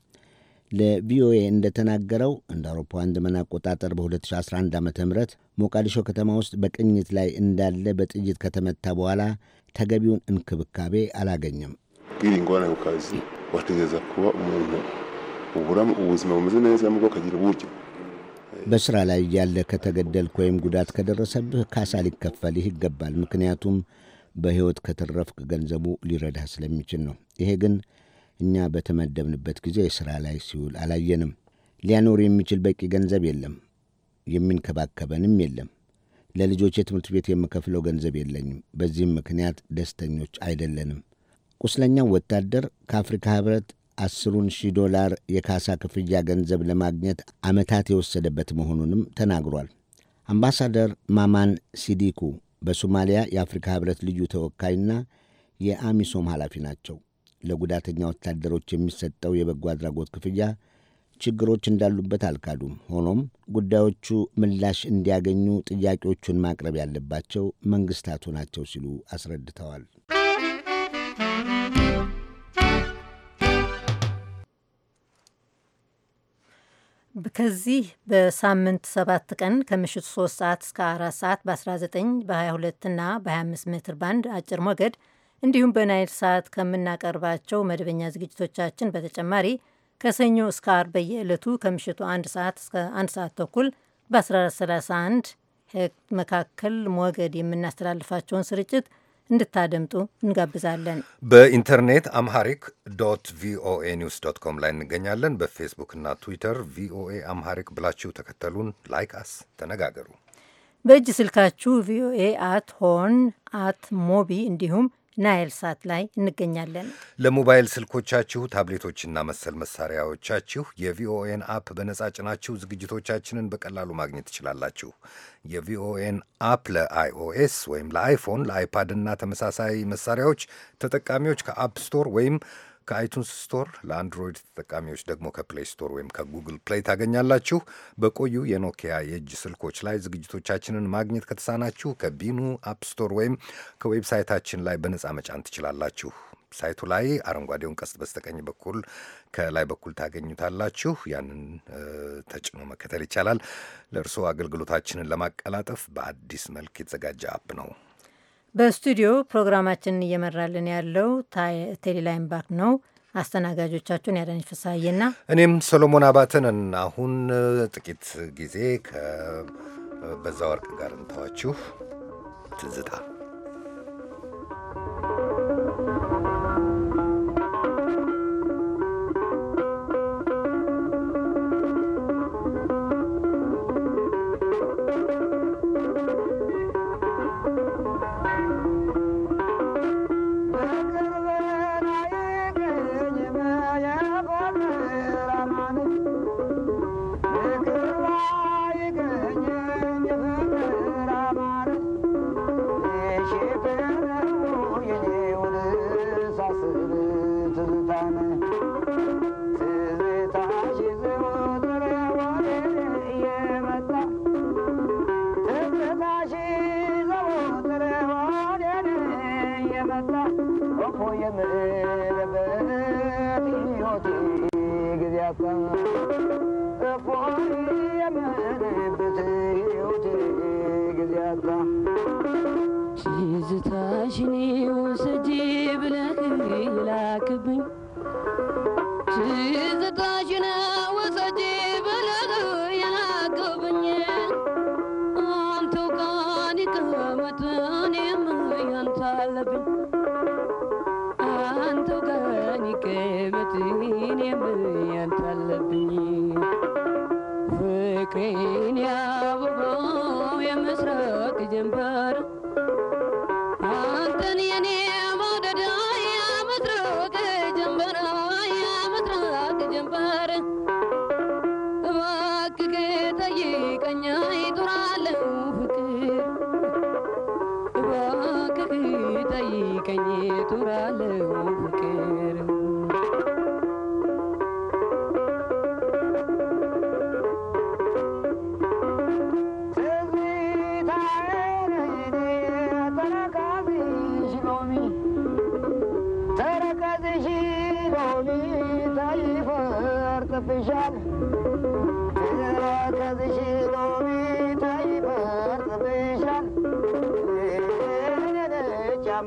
ለቪኦኤ እንደተናገረው እንደ አውሮፓውያን ዘመን አቆጣጠር በ2011 ዓ ም ሞቃዲሾ ከተማ ውስጥ በቅኝት ላይ እንዳለ በጥይት ከተመታ በኋላ ተገቢውን እንክብካቤ አላገኘም። በስራ ላይ እያለ ከተገደልክ ወይም ጉዳት ከደረሰብህ ካሳ ሊከፈልህ ይገባል። ምክንያቱም በሕይወት ከተረፍክ ገንዘቡ ሊረዳህ ስለሚችል ነው። ይሄ ግን እኛ በተመደብንበት ጊዜ ሥራ ላይ ሲውል አላየንም። ሊያኖር የሚችል በቂ ገንዘብ የለም። የሚንከባከበንም የለም። ለልጆች የትምህርት ቤት የምከፍለው ገንዘብ የለኝም። በዚህም ምክንያት ደስተኞች አይደለንም። ቁስለኛው ወታደር ከአፍሪካ ኅብረት አስሩን ሺህ ዶላር የካሳ ክፍያ ገንዘብ ለማግኘት ዓመታት የወሰደበት መሆኑንም ተናግሯል። አምባሳደር ማማን ሲዲኩ በሶማሊያ የአፍሪካ ኅብረት ልዩ ተወካይና የአሚሶም ኃላፊ ናቸው። ለጉዳተኛ ወታደሮች የሚሰጠው የበጎ አድራጎት ክፍያ ችግሮች እንዳሉበት አልካዱም። ሆኖም ጉዳዮቹ ምላሽ እንዲያገኙ ጥያቄዎቹን ማቅረብ ያለባቸው መንግስታቱ ናቸው ሲሉ አስረድተዋል። ከዚህ በሳምንት ሰባት ቀን ከምሽቱ 3 ሰዓት እስከ 4 ሰዓት በ19 በ22 እና በ25 ሜትር ባንድ አጭር ሞገድ እንዲሁም በናይል ሰዓት ከምናቀርባቸው መደበኛ ዝግጅቶቻችን በተጨማሪ ከሰኞ እስከ አርብ በየዕለቱ ከምሽቱ አንድ ሰዓት እስከ አንድ ሰዓት ተኩል በ1431 መካከል ሞገድ የምናስተላልፋቸውን ስርጭት እንድታደምጡ እንጋብዛለን። በኢንተርኔት አምሃሪክ ዶት ቪኦኤ ኒውስ ዶት ኮም ላይ እንገኛለን። በፌስቡክ ትዊተር ቪኦኤ አምሃሪክ ብላችሁ ተከተሉን፣ ላይክ አስ፣ ተነጋገሩ። በእጅ ስልካችሁ ቪኦኤ አት ሆርን አት ሞቢ እንዲሁም ናይል ሳት ላይ እንገኛለን። ለሞባይል ስልኮቻችሁ ታብሌቶችና መሰል መሳሪያዎቻችሁ የቪኦኤን አፕ በነጻ ጭናችሁ ዝግጅቶቻችንን በቀላሉ ማግኘት ትችላላችሁ። የቪኦኤን አፕ ለአይኦኤስ ወይም ለአይፎን፣ ለአይፓድ እና ተመሳሳይ መሳሪያዎች ተጠቃሚዎች ከአፕ ስቶር ወይም ከአይቱንስ ስቶር ለአንድሮይድ ተጠቃሚዎች ደግሞ ከፕሌይ ስቶር ወይም ከጉግል ፕሌይ ታገኛላችሁ። በቆዩ የኖኪያ የእጅ ስልኮች ላይ ዝግጅቶቻችንን ማግኘት ከተሳናችሁ ከቢኑ አፕ ስቶር ወይም ከዌብሳይታችን ላይ በነፃ መጫን ትችላላችሁ። ሳይቱ ላይ አረንጓዴውን ቀስት በስተቀኝ በኩል ከላይ በኩል ታገኙታላችሁ። ያንን ተጭኖ መከተል ይቻላል። ለእርስዎ አገልግሎታችንን ለማቀላጠፍ በአዲስ መልክ የተዘጋጀ አፕ ነው። በስቱዲዮ ፕሮግራማችንን እየመራልን ያለው ቴሌላይን ባክ ነው። አስተናጋጆቻችሁን ያዳነች ፍስሐዬና እኔም ሰሎሞን አባተንን። አሁን ጥቂት ጊዜ ወርቅ ጋር እንተዋችሁ ትዝታ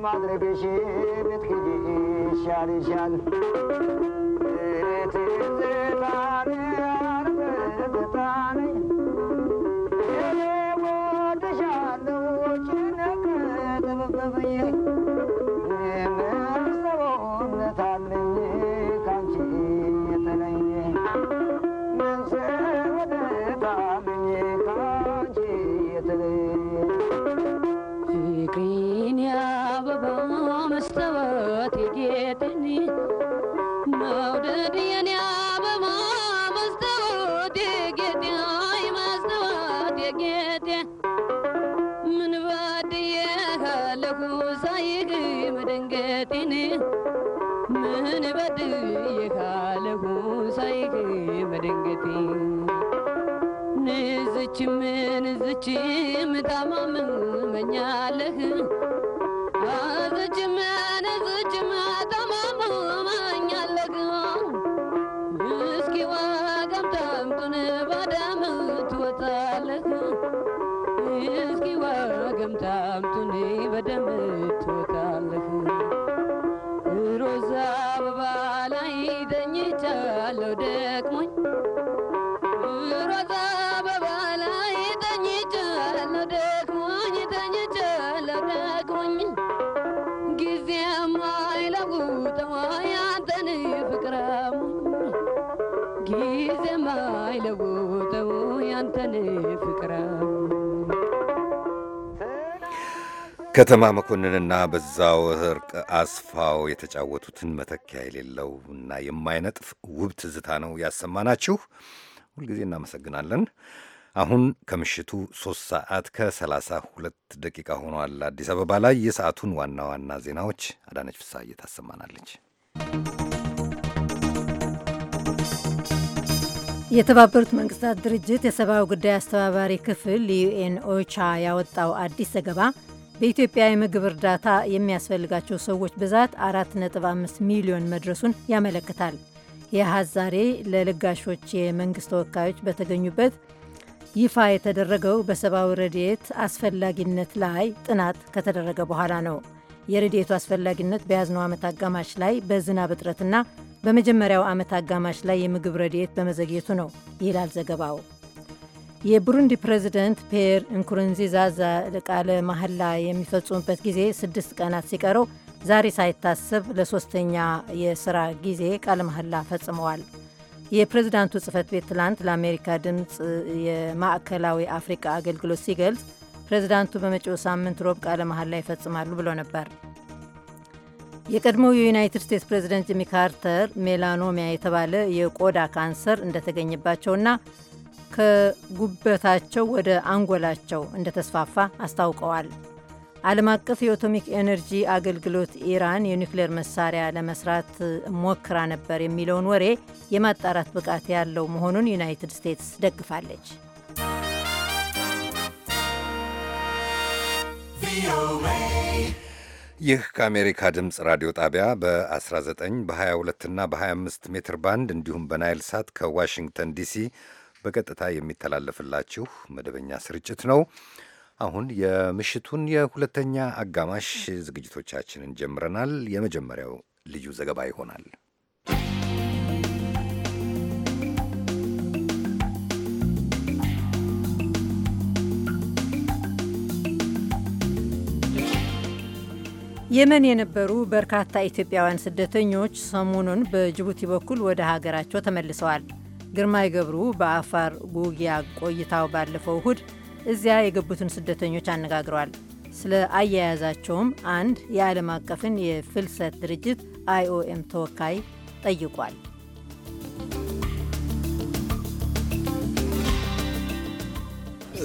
ማድረግሽ ብትክድ ይሻል ይሻል ትዝታን ያርፍጥታን ከተማ መኮንንና በዛው እርቅ አስፋው የተጫወቱትን መተኪያ የሌለው እና የማይነጥፍ ውብ ትዝታ ነው ያሰማናችሁ። ሁልጊዜ እናመሰግናለን። አሁን ከምሽቱ ሶስት ሰዓት ከሰላሳ ሁለት ደቂቃ ሆኗል። አዲስ አበባ ላይ የሰዓቱን ዋና ዋና ዜናዎች አዳነች ፍስሐ ታሰማናለች። የተባበሩት መንግስታት ድርጅት የሰብአዊ ጉዳይ አስተባባሪ ክፍል ዩኤን ኦቻ ያወጣው አዲስ ዘገባ በኢትዮጵያ የምግብ እርዳታ የሚያስፈልጋቸው ሰዎች ብዛት 4.5 ሚሊዮን መድረሱን ያመለክታል። የሀዝ ዛሬ ለለጋሾች የመንግስት ተወካዮች በተገኙበት ይፋ የተደረገው በሰብአዊ ረድኤት አስፈላጊነት ላይ ጥናት ከተደረገ በኋላ ነው። የረድኤቱ አስፈላጊነት በያዝነው ዓመት አጋማሽ ላይ በዝናብ እጥረትና በመጀመሪያው ዓመት አጋማሽ ላይ የምግብ ረድኤት በመዘግየቱ ነው ይላል ዘገባው። የቡሩንዲ ፕሬዚደንት ፔር እንኩሩንዚዛ ቃለ መሐላ የሚፈጽሙበት ጊዜ ስድስት ቀናት ሲቀረው ዛሬ ሳይታሰብ ለሶስተኛ የስራ ጊዜ ቃለ መሐላ ፈጽመዋል። የፕሬዚዳንቱ ጽህፈት ቤት ትላንት ለአሜሪካ ድምፅ የማዕከላዊ አፍሪካ አገልግሎት ሲገልጽ ፕሬዚዳንቱ በመጪው ሳምንት ሮብ ቃለ መሐላ ይፈጽማሉ ብሎ ነበር። የቀድሞው የዩናይትድ ስቴትስ ፕሬዚደንት ጂሚ ካርተር ሜላኖሚያ የተባለ የቆዳ ካንሰር እንደተገኘባቸውና ከጉበታቸው ወደ አንጎላቸው እንደተስፋፋ አስታውቀዋል። ዓለም አቀፍ የአቶሚክ ኤነርጂ አገልግሎት ኢራን የኒውክሌር መሳሪያ ለመስራት ሞክራ ነበር የሚለውን ወሬ የማጣራት ብቃት ያለው መሆኑን ዩናይትድ ስቴትስ ደግፋለች። ይህ ከአሜሪካ ድምፅ ራዲዮ ጣቢያ በ19 በ22 እና በ25 ሜትር ባንድ እንዲሁም በናይል ሳት ከዋሽንግተን ዲሲ በቀጥታ የሚተላለፍላችሁ መደበኛ ስርጭት ነው። አሁን የምሽቱን የሁለተኛ አጋማሽ ዝግጅቶቻችንን ጀምረናል። የመጀመሪያው ልዩ ዘገባ ይሆናል። የመን የነበሩ በርካታ ኢትዮጵያውያን ስደተኞች ሰሞኑን በጅቡቲ በኩል ወደ ሀገራቸው ተመልሰዋል። ግርማይ ገብሩ በአፋር ጉጊያ ቆይታው ባለፈው እሁድ እዚያ የገቡትን ስደተኞች አነጋግሯል። ስለ አያያዛቸውም አንድ የዓለም አቀፍን የፍልሰት ድርጅት አይኦኤም ተወካይ ጠይቋል።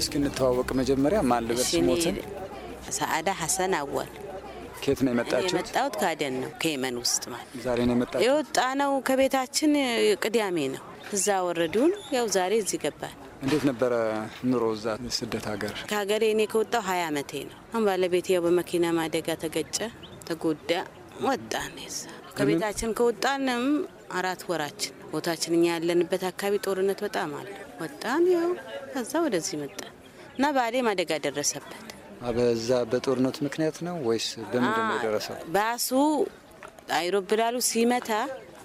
እስኪ እንተዋወቅ። መጀመሪያ ማን ልበል? ስሞትን ሐሰን አዋል። ከየት ነው የመጣችሁት? የመጣሁት ከአደን ነው፣ ከየመን ውስጥ ማለት። ዛሬ ነው የመጣ የወጣ ነው ከቤታችን ቅዳሜ ነው እዛ ወረዱን። ያው ዛሬ እዚህ ገባል። እንዴት ነበረ ኑሮ እዛ ስደት ሀገር? ከሀገሬ እኔ ከወጣው ሀያ አመቴ ነው። አሁን ባለቤት ያው በመኪና ማደጋ ተገጨ፣ ተጎዳ፣ ወጣን። ከቤታችን ከወጣንም አራት ወራችን ቦታችን እኛ ያለንበት አካባቢ ጦርነት በጣም አለ። ወጣን፣ ያው ከዛ ወደዚህ መጣ እና ባሌ ማደጋ ደረሰበት። በዛ በጦርነቱ ምክንያት ነው ወይስ በምንድን ነው የደረሰው? ባሱ አይሮብላሉ ሲመታ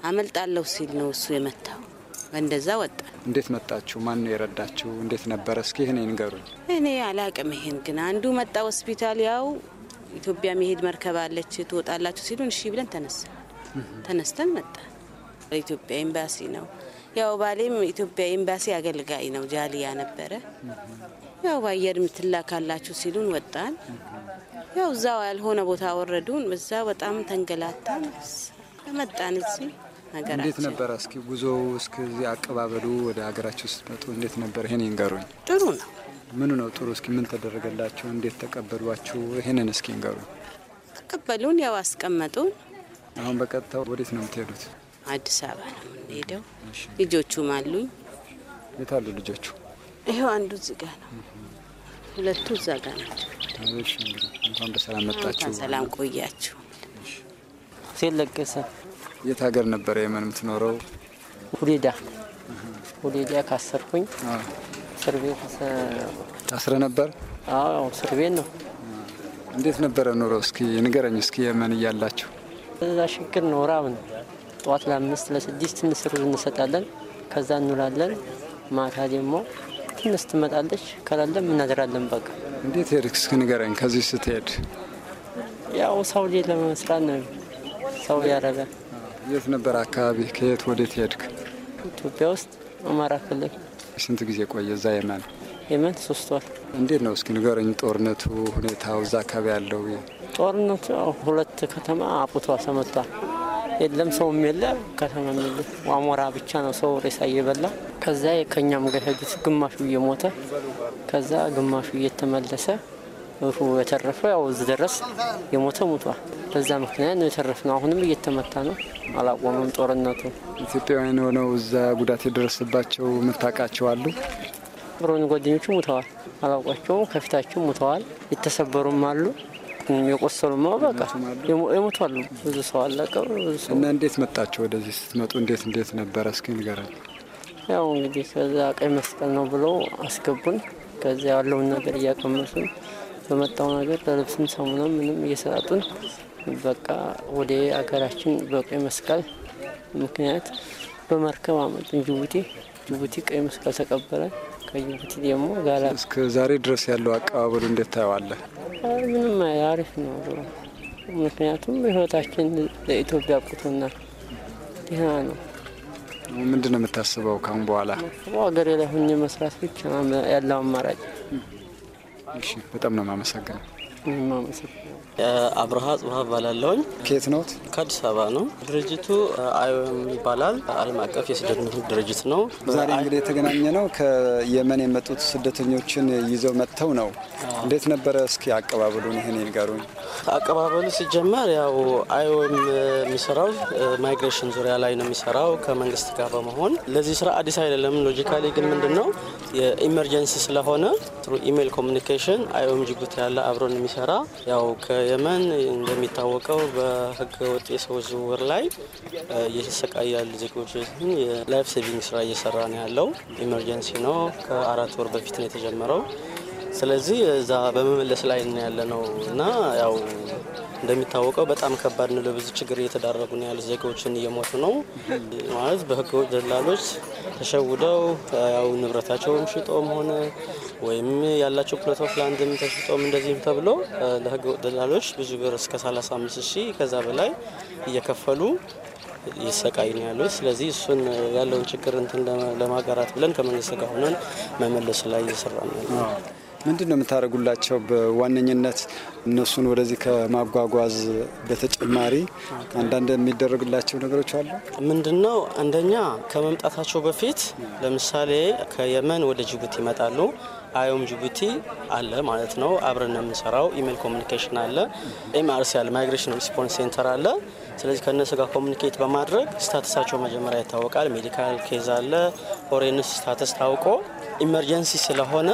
አመልጣለሁ ሲል ነው እሱ የመታው። እንደዛ ወጣ። እንዴት መጣችሁ? ማን ነው የረዳችሁ? እንዴት ነበረ? እስኪ ይህን ንገሩ። እኔ አላቅም። ይሄን ግን አንዱ መጣ ሆስፒታል፣ ያው ኢትዮጵያ መሄድ መርከብ አለች ትወጣላችሁ ሲሉን እሺ ብለን ተነሳ ተነስተን መጣ። ኢትዮጵያ ኤምባሲ ነው ያው ባሌም ኢትዮጵያ ኤምባሲ አገልጋይ ነው፣ ጃሊያ ነበረ። ያው በአየር የምትላካላችሁ ሲሉን ወጣን። ያው እዛው ያልሆነ ቦታ ወረዱን። በዛ በጣም ተንገላታን መጣን እዚህ እንዴት ነበር እስኪ ጉዞው እስከዚህ አቀባበሉ ወደ ሀገራችሁ ስትመጡ እንዴት ነበር? ይሄን ይንገሩኝ። ጥሩ ነው። ምኑ ነው ጥሩ? እስኪ ምን ተደረገላችሁ? እንዴት ተቀበሏችሁ? ይህንን እስኪ ይንገሩኝ። ተቀበሉን፣ ያው አስቀመጡን። አሁን በቀጥታው ወዴት ነው የምትሄዱት? አዲስ አበባ ነው የምንሄደው። ልጆቹም አሉኝ። የት አሉ ልጆቹ? ይኸው አንዱ እዚህ ጋ ነው፣ ሁለቱ እዛ ጋ ናቸው። እንኳን በሰላም መጣችሁ። ሰላም ቆያችሁ። ሴት ለገሰ የት ሀገር ነበረ የመን የምትኖረው? ሁዴዳ ሁዴዳ ካሰርኩኝ እስር ቤት ታስረ ነበር። አዎ እስር ቤት ነው። እንዴት ነበረ ኑሮ? እስኪ ንገረኝ እስኪ የመን እያላችሁ። እዛ ችግር ነው፣ ራብ ጠዋት ለአምስት ለስድስት ትንሽ ሩዝ እንሰጣለን፣ ከዛ እንውላለን። ማታ ደግሞ ትንሽ ትመጣለች፣ ከላለም እናድራለን። በቃ እንዴት ሄድክ እስኪ ንገረኝ። ከዚህ ስትሄድ ያው ሳውዲ ለመስራት ነው፣ ሳውዲ አረቢያ የት ነበር አካባቢ? ከየት ወዴት ሄድክ? ኢትዮጵያ ውስጥ አማራ ክልል። ስንት ጊዜ ቆየ እዛ የመን? የመን ሶስት ወር። እንዴት ነው እስኪ ንገረኝ፣ ጦርነቱ ሁኔታው እዛ አካባቢ ያለው ጦርነቱ? ሁለት ከተማ አቁቷ ተመቷል። የለም ሰውም የለ ከተማ የለ፣ አሞራ ብቻ ነው ሰው ሬሳ እየበላ ከዛ ከእኛም ጋር ሄዱት። ግማሹ እየሞተ ከዛ ግማሹ እየተመለሰ ሩ የተረፈ ያው እዚህ ድረስ የሞተ ሙቷል። በዛ ምክንያት ነው የተረፍ ነው። አሁንም እየተመታ ነው። አላቆመም ጦርነቱ። ኢትዮጵያውያን የሆነው እዛ ጉዳት የደረሰባቸው የምታውቃቸው አሉ? ብሮን ጓደኞቹ ሙተዋል። አላቋቸው ከፊታቸው ሙተዋል። የተሰበሩም አሉ የቆሰሉማ በቃ የሞቷሉ። ብዙ ሰው አለቀ። እና እንዴት መጣቸው ወደዚህ? ስትመጡ እንዴት እንዴት ነበረ እስኪ ንገረኝ። ያው እንግዲህ ከዛ ቀይ መስቀል ነው ብለው አስገቡን። ከዚያ ያለውን ነገር እያቀመሱን በመጣው ነገር ለልብስም ሳሙናም ምንም እየሰጡን በቃ ወደ አገራችን በቀይ መስቀል ምክንያት በመርከብ አመጡን ጅቡቲ። ጅቡቲ ቀይ መስቀል ተቀበለ። ከጅቡቲ ደግሞ ጋላ እስከ ዛሬ ድረስ ያለው አቀባበሉ እንዴት ታየዋለህ? ምንም አሪፍ ነው። ምክንያቱም ህይወታችን ለኢትዮጵያ አብቅቶናል። ይህ ነው። ምንድን ነው የምታስበው ካሁን በኋላ? ሀገሬ ላይ ሁኜ መስራት ብቻ ያለው አማራጭ። በጣም ነው የማመሰግነው። አብርሃ ጽሀ እባላለሁኝ። ኬት ነውት ከአዲስ አበባ ነው ድርጅቱ። አይወም ይባላል። ዓለም አቀፍ የስደተኞች ድርጅት ነው። ዛሬ እንግዲህ የተገናኘ ነው ከየመን የመጡት ስደተኞችን ይዘው መጥተው ነው። እንዴት ነበረ? እስኪ አቀባበሉን ይህን ይንገሩኝ። አቀባበሉ ሲጀመር ያው አይወም የሚሰራው ማይግሬሽን ዙሪያ ላይ ነው የሚሰራው ከመንግስት ጋር በመሆን ለዚህ ስራ አዲስ አይደለም። ሎጂካሊ ግን ምንድን ነው የኢመርጀንሲ ስለሆነ ትሩ ኢሜይል ኮሚኒኬሽን አይወም ጅቡቲ ያለ አብሮን የሚሰራ ያው ከየመን እንደሚታወቀው በህገ ህገወጥ የሰው ዝውውር ላይ እየተሰቃያሉ ዜጎችን የላይፍ ሴቪንግ ስራ እየሰራ ነው ያለው። ኢመርጀንሲ ነው። ከአራት ወር በፊት ነው የተጀመረው። ስለዚህ እዛ በመመለስ ላይ ያለ ነው እና ያው እንደሚታወቀው በጣም ከባድ ነው። ለብዙ ችግር እየተዳረጉ ነው ያሉ ዜጋዎችን እየሞቱ ነው ማለት በህገወጥ ደላሎች ተሸውደው ያው ንብረታቸውም ሽጦም ሆነ ወይም ያላቸው ፕሎቶች ለአንድም ተሽጦም እንደዚህም ተብሎ ለህገወጥ ደላሎች ብዙ ብር እስከ 35 ሺህ ከዛ በላይ እየከፈሉ ይሰቃይ ነው ያሉት። ስለዚህ እሱን ያለውን ችግር እንትን ለማጋራት ብለን ከመንግስት ጋር ሆነን መመለስ ላይ እየሰራ ነው። ምንድን ነው የምታደርጉላቸው? በዋነኝነት እነሱን ወደዚህ ከማጓጓዝ በተጨማሪ አንዳንድ የሚደረግላቸው ነገሮች አሉ። ምንድን ነው አንደኛ ከመምጣታቸው በፊት ለምሳሌ ከየመን ወደ ጅቡቲ ይመጣሉ። አዮም ጅቡቲ አለ ማለት ነው። አብረን የምንሰራው ኢሜል ኮሚኒኬሽን አለ። ኤምአርሲ አለ፣ ማይግሬሽን ሪስፖንስ ሴንተር አለ። ስለዚህ ከእነሱ ጋር ኮሚኒኬት በማድረግ ስታተሳቸው መጀመሪያ ይታወቃል። ሜዲካል ኬዝ አለ፣ ኦሬንስ ስታተስ ታውቆ ኢመርጀንሲ ስለሆነ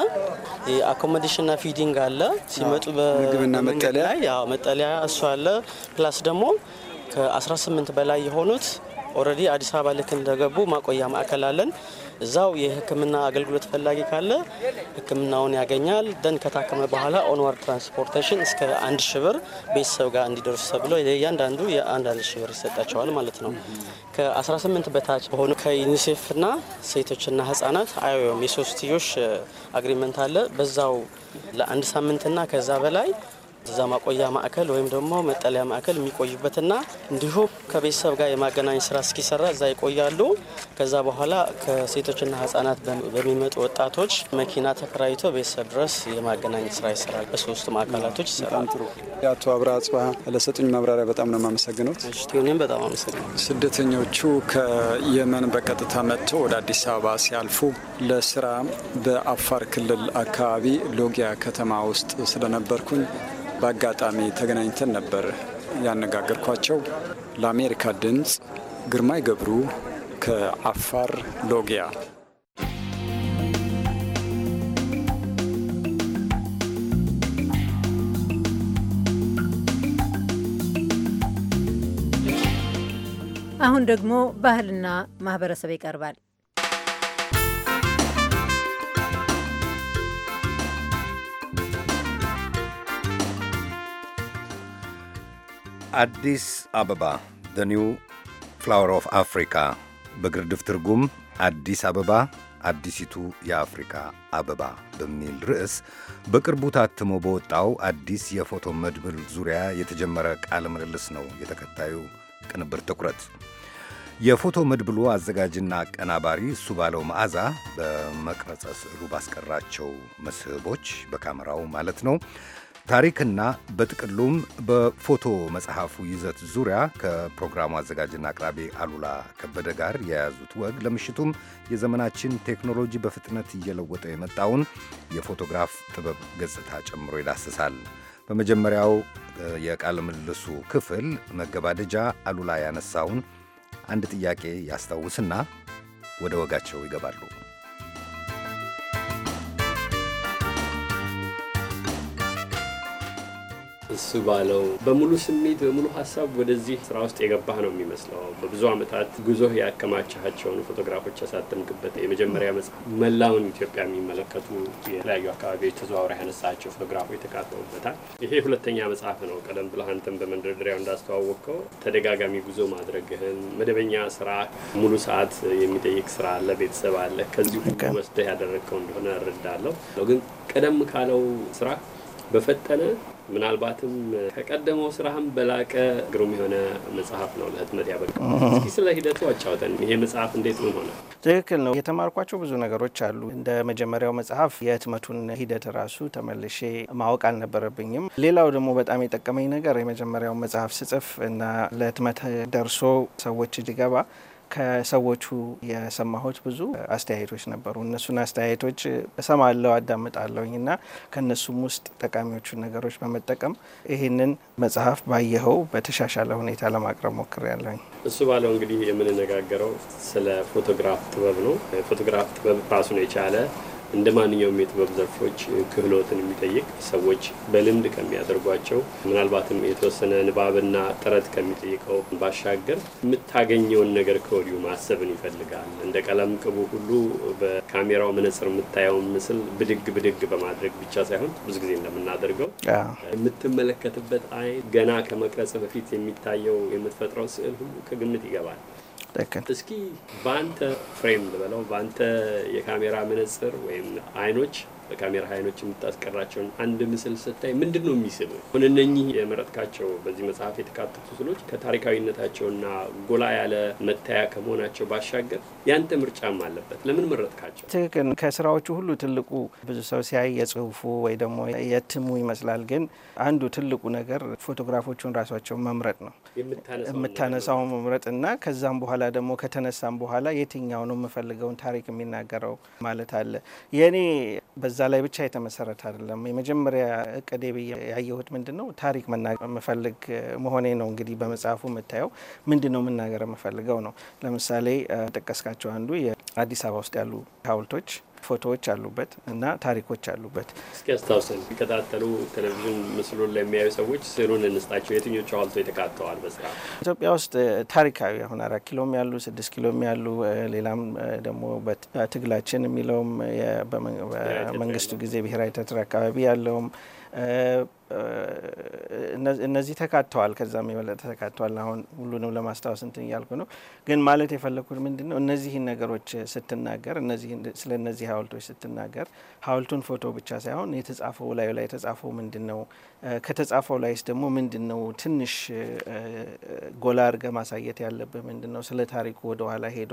አኮሞዴሽንና ፊዲንግ አለ። ሲመጡ በምግብና መጠለያ ያው መጠለያ እሱ አለ። ፕላስ ደግሞ ከ18 በላይ የሆኑት ኦልሬዲ አዲስ አበባ ልክ እንደገቡ ማቆያ ማዕከል አለን። እዛው የህክምና አገልግሎት ፈላጊ ካለ ህክምናውን ያገኛል። ደን ከታከመ በኋላ ኦንዋርድ ትራንስፖርቴሽን እስከ አንድ ሺ ብር ቤተሰብ ጋር እንዲደርሱ ተብሎ እያንዳንዱ የአንድ ሺ ብር ይሰጣቸዋል ማለት ነው። ከ18 በታች በሆኑ ከዩኒሴፍና ሴቶችና ህጻናት አይወም የሶስትዮሽ አግሪመንት አለ። በዛው ለአንድ ሳምንትና ከዛ በላይ እዛ ማቆያ ማዕከል ወይም ደግሞ መጠለያ ማዕከል የሚቆዩበትና እንዲሁም ከቤተሰብ ጋር የማገናኘት ስራ እስኪሰራ እዛ ይቆያሉ። ከዛ በኋላ ከሴቶችና ህጻናት በሚመጡ ወጣቶች መኪና ተከራይቶ ቤተሰብ ድረስ የማገናኝ ስራ ይሰራል። በሶስቱም አካላቶች ይሰራል። አቶ አብርሃ አጽባሀ ለሰጡኝ ማብራሪያ በጣም ነው የማመሰግኑት። እኔም በጣም አመሰግናለሁ። ስደተኞቹ ከየመን በቀጥታ መጥቶ ወደ አዲስ አበባ ሲያልፉ ለስራ በአፋር ክልል አካባቢ ሎጊያ ከተማ ውስጥ ስለነበርኩኝ በአጋጣሚ ተገናኝተን ነበር ያነጋገርኳቸው። ለአሜሪካ ድምፅ ግርማይ ገብሩ ከአፋር ሎጊያ። አሁን ደግሞ ባህልና ማህበረሰብ ይቀርባል። አዲስ አበባ ዘ ኒው ፍላወር ኦፍ አፍሪካ በግርድፍ ትርጉም አዲስ አበባ አዲሲቱ የአፍሪካ አበባ በሚል ርዕስ በቅርቡ ታትሞ በወጣው አዲስ የፎቶ መድብል ዙሪያ የተጀመረ ቃለ ምልልስ ነው የተከታዩ ቅንብር ትኩረት። የፎቶ መድብሉ አዘጋጅና አቀናባሪ እሱ ባለው መዓዛ በመቅረጸ ስዕሉ ባስቀራቸው መስህቦች በካሜራው ማለት ነው ታሪክና በጥቅሉም በፎቶ መጽሐፉ ይዘት ዙሪያ ከፕሮግራሙ አዘጋጅና አቅራቢ አሉላ ከበደ ጋር የያዙት ወግ ለምሽቱም የዘመናችን ቴክኖሎጂ በፍጥነት እየለወጠ የመጣውን የፎቶግራፍ ጥበብ ገጽታ ጨምሮ ይዳስሳል። በመጀመሪያው የቃለ ምልልሱ ክፍል መገባደጃ አሉላ ያነሳውን አንድ ጥያቄ ያስታውስና ወደ ወጋቸው ይገባሉ። እሱ ባለው በሙሉ ስሜት በሙሉ ሀሳብ ወደዚህ ስራ ውስጥ የገባህ ነው የሚመስለው። በብዙ አመታት ጉዞህ ያከማቻቸውን ፎቶግራፎች ያሳተምክበት የመጀመሪያ መጽሐፍ መላውን ኢትዮጵያ የሚመለከቱ የተለያዩ አካባቢዎች ተዘዋውረህ ያነሳቸው ፎቶግራፎች ተካተውበታል። ይሄ ሁለተኛ መጽሐፍ ነው። ቀደም ብለህ አንተም በመንደርደሪያው እንዳስተዋወቅከው ተደጋጋሚ ጉዞ ማድረግህን መደበኛ ስራ ሙሉ ሰዓት የሚጠይቅ ስራ አለ፣ ቤተሰብ አለ፣ ከዚህ ሁሉ ያደረግከው እንደሆነ እረዳለሁ። ግን ቀደም ካለው ስራ በፈጠነ ምናልባትም ከቀደመው ስራህም በላቀ ግሩም የሆነ መጽሐፍ ነው ለህትመት ያበቃው። እስኪ ስለ ሂደቱ አጫውተን። ይሄ መጽሐፍ እንዴት ምን ሆነ? ትክክል ነው። የተማርኳቸው ብዙ ነገሮች አሉ። እንደ መጀመሪያው መጽሐፍ የህትመቱን ሂደት ራሱ ተመልሼ ማወቅ አልነበረብኝም። ሌላው ደግሞ በጣም የጠቀመኝ ነገር የመጀመሪያው መጽሐፍ ስጽፍ እና ለህትመት ደርሶ ሰዎች እንዲገባ ከሰዎቹ የሰማሁት ብዙ አስተያየቶች ነበሩ። እነሱን አስተያየቶች እሰማለሁ፣ አዳምጣለሁኝ እና ከእነሱም ውስጥ ጠቃሚዎቹን ነገሮች በመጠቀም ይህንን መጽሐፍ ባየኸው በተሻሻለ ሁኔታ ለማቅረብ ሞክሬያለሁኝ። እሱ ባለው እንግዲህ የምንነጋገረው ስለ ፎቶግራፍ ጥበብ ነው። ፎቶግራፍ ጥበብ ራሱን የቻለ እንደ ማንኛውም የጥበብ ዘርፎች ክህሎትን የሚጠይቅ ሰዎች በልምድ ከሚያደርጓቸው ምናልባትም የተወሰነ ንባብና ጥረት ከሚጠይቀው ባሻገር የምታገኘውን ነገር ከወዲሁ ማሰብን ይፈልጋል። እንደ ቀለም ቅቡ ሁሉ በካሜራው መነጽር የምታየውን ምስል ብድግ ብድግ በማድረግ ብቻ ሳይሆን ብዙ ጊዜ እንደምናደርገው የምትመለከትበት አይን ገና ከመቅረጽ በፊት የሚታየው የምትፈጥረው ስዕል ሁሉ ከግምት ይገባል። ትክክል። እስኪ በአንተ ፍሬም ልበለው፣ በአንተ የካሜራ መነጽር ወይም አይኖች በካሜራ ሀይኖች የምታስቀራቸውን አንድ ምስል ስታይ ምንድን ነው የሚስብ? አሁን እነኚህ የመረጥካቸው በዚህ መጽሐፍ የተካተቱ ስሎች ከታሪካዊነታቸውና ጎላ ያለ መታያ ከመሆናቸው ባሻገር ያንተ ምርጫም አለበት። ለምን መረጥካቸው? ትክክል። ከስራዎቹ ሁሉ ትልቁ ብዙ ሰው ሲያይ የጽሁፉ ወይ ደግሞ የትሙ ይመስላል። ግን አንዱ ትልቁ ነገር ፎቶግራፎቹን ራሷቸው መምረጥ ነው። የምታነሳው መምረጥ እና ከዛም በኋላ ደግሞ ከተነሳም በኋላ የትኛው ነው የምፈልገውን ታሪክ የሚናገረው ማለት አለ የኔ እዛ ላይ ብቻ የተመሰረተ አይደለም። የመጀመሪያ እቅዴ ብዬ ያየሁት ምንድን ነው ታሪክ መናገር የምፈልግ መሆኔ ነው። እንግዲህ በመጽሐፉ የምታየው ምንድን ነው መናገር የምፈልገው ነው። ለምሳሌ ጠቀስካቸው አንዱ የአዲስ አበባ ውስጥ ያሉ ሀውልቶች ፎቶዎች አሉበት እና ታሪኮች አሉበት። እስኪ አስታውሰን የሚከታተሉ ቴሌቪዥን ምስሉን ለሚያዩ ሰዎች ስዕሉን እንስጣቸው። የትኞቹ ሀውልቶ የተካተዋል በስራ ኢትዮጵያ ውስጥ ታሪካዊ አሁን አራት ኪሎም ያሉ ስድስት ኪሎም ያሉ ሌላም ደግሞ ትግላችን የሚለውም በመንግስቱ ጊዜ ብሔራዊ ትያትር አካባቢ ያለውም እነዚህ ተካተዋል። ከዛም የበለጠ ተካተዋል። አሁን ሁሉንም ለማስታወስ እንትን እያልኩ ነው። ግን ማለት የፈለግኩት ምንድን ነው እነዚህን ነገሮች ስትናገር፣ ስለ እነዚህ ሀውልቶች ስትናገር ሀውልቱን ፎቶ ብቻ ሳይሆን የተጻፈው ላዩ ላይ የተጻፈው ምንድን ነው፣ ከተጻፈው ላይስ ደግሞ ምንድን ነው ትንሽ ጎላ አድርገ ማሳየት ያለብህ ምንድን ነው፣ ስለ ታሪኩ ወደ ኋላ ሄዶ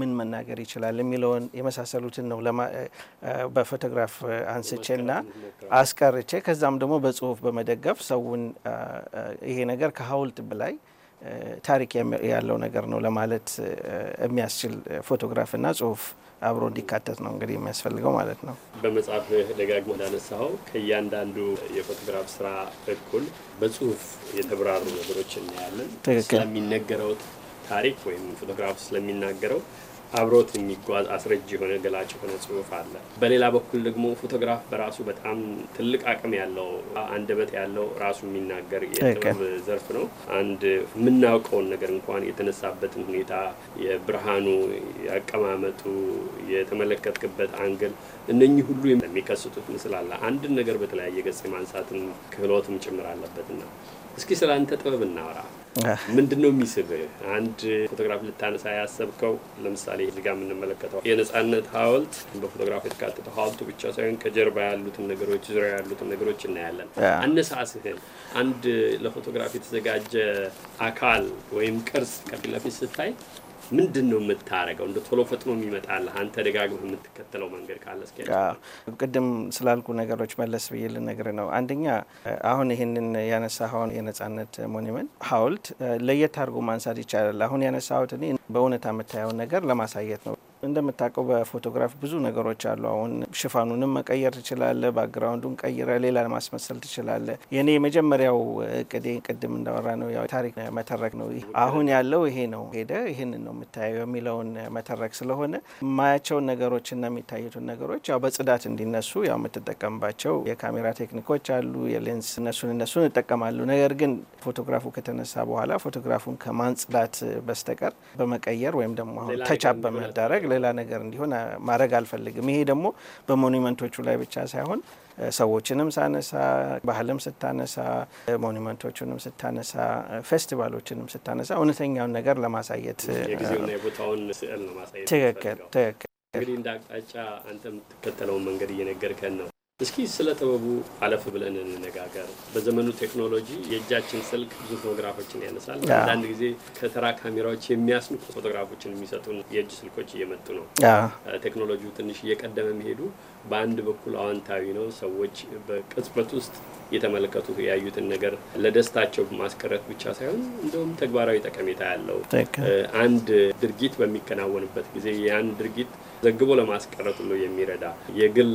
ምን መናገር ይችላል የሚለውን የመሳሰሉትን ነው በፎቶግራፍ አንስቼ ና አስቀርቼ ከዛም ደግሞ በጽሁፍ ጽሁፍ በመደገፍ ሰውን ይሄ ነገር ከሀውልት በላይ ታሪክ ያለው ነገር ነው ለማለት የሚያስችል ፎቶግራፍና ጽሁፍ አብሮ እንዲካተት ነው እንግዲህ የሚያስፈልገው ማለት ነው። በመጽሐፍ ደጋግሞ እንዳነሳኸው ከእያንዳንዱ የፎቶግራፍ ስራ እኩል በጽሁፍ የተብራሩ ነገሮች እናያለን። ስለሚነገረው ታሪክ ወይም ፎቶግራፍ ስለሚናገረው አብሮት የሚጓዝ አስረጅ የሆነ ገላጭ የሆነ ጽሁፍ አለ። በሌላ በኩል ደግሞ ፎቶግራፍ በራሱ በጣም ትልቅ አቅም ያለው አንደበት ያለው ራሱ የሚናገር የጥበብ ዘርፍ ነው። አንድ የምናውቀውን ነገር እንኳን የተነሳበትን ሁኔታ፣ የብርሃኑ፣ የአቀማመጡ፣ የተመለከትክበት አንግል እነኚህ ሁሉ የሚከስቱት ምስል አለ። አንድን ነገር በተለያየ ገጽ የማንሳትን ክህሎትም ጭምር አለበትና እስኪ ስለ አንተ ጥበብ እናወራ። ምንድን ነው አንድ ፎቶግራፍ ልታነሳ ያሰብከው ለምሳሌ እዚጋ የምንመለከተው የነጻነት ሀውልት በፎቶግራፍ የተካተተው ሀውልቱ ብቻ ሳይሆን ከጀርባ ያሉትን ነገሮች፣ ዙሪያ ያሉትን ነገሮች እናያለን። አነሳስህን አንድ ለፎቶግራፍ የተዘጋጀ አካል ወይም ቅርጽ ከፊት ለፊት ስታይ ምንድን ነው የምታረገው? እንደ ቶሎ ፈጥኖ የሚመጣልህ አንተ ደጋግመህ የምትከተለው መንገድ ካለ እስኪ። ቅድም ስላልኩ ነገሮች መለስ ብዬ ልነግር ነው። አንደኛ አሁን ይህንን ያነሳኸውን የነጻነት ሞኒመንት ሀውልት ለየት አድርጎ ማንሳት ይቻላል። አሁን ያነሳሁት እኔ በእውነታ የምታየውን ነገር ለማሳየት ነው። እንደምታውቀው በፎቶግራፍ ብዙ ነገሮች አሉ። አሁን ሽፋኑንም መቀየር ትችላለ፣ ባክግራውንዱን ቀይረ ሌላ ማስመሰል ትችላለ። የኔ የመጀመሪያው እቅዴ ቅድም እንዳወራ ነው ያው ታሪክ መተረክ ነው። አሁን ያለው ይሄ ነው፣ ሄደ ይህን ነው የምታየው የሚለውን መተረክ ስለሆነ የማያቸውን ነገሮችና የሚታዩትን ነገሮች ያው በጽዳት እንዲነሱ ያው የምትጠቀምባቸው የካሜራ ቴክኒኮች አሉ፣ የሌንስ እነሱን እነሱን እጠቀማሉ። ነገር ግን ፎቶግራፉ ከተነሳ በኋላ ፎቶግራፉን ከማንጽዳት በስተቀር በመቀየር ወይም ደግሞ አሁን ተቻፕ በመዳረግ ሌላ ነገር እንዲሆን ማድረግ አልፈልግም። ይሄ ደግሞ በሞኒመንቶቹ ላይ ብቻ ሳይሆን ሰዎችንም ሳነሳ ባህልም ስታነሳ ሞኒመንቶቹንም ስታነሳ ፌስቲቫሎችንም ስታነሳ እውነተኛውን ነገር ለማሳየት ትክክል ትክክል። እንግዲህ እንደ አቅጣጫ አንተ የምትከተለውን መንገድ እየነገርከን ነው። እስኪ ስለ ጥበቡ አለፍ ብለን እንነጋገር። በዘመኑ ቴክኖሎጂ የእጃችን ስልክ ብዙ ፎቶግራፎችን ያነሳል። አንዳንድ ጊዜ ከተራ ካሜራዎች የሚያስንቁ ፎቶግራፎችን የሚሰጡን የእጅ ስልኮች እየመጡ ነው። ቴክኖሎጂው ትንሽ እየቀደመ መሄዱ በአንድ በኩል አዋንታዊ ነው። ሰዎች በቅጽበት ውስጥ የተመለከቱት ያዩትን ነገር ለደስታቸው ማስቀረት ብቻ ሳይሆን እንደውም ተግባራዊ ጠቀሜታ ያለው አንድ ድርጊት በሚከናወንበት ጊዜ ያን ድርጊት ዘግቦ ለማስቀረት ሁሉ የሚረዳ የግል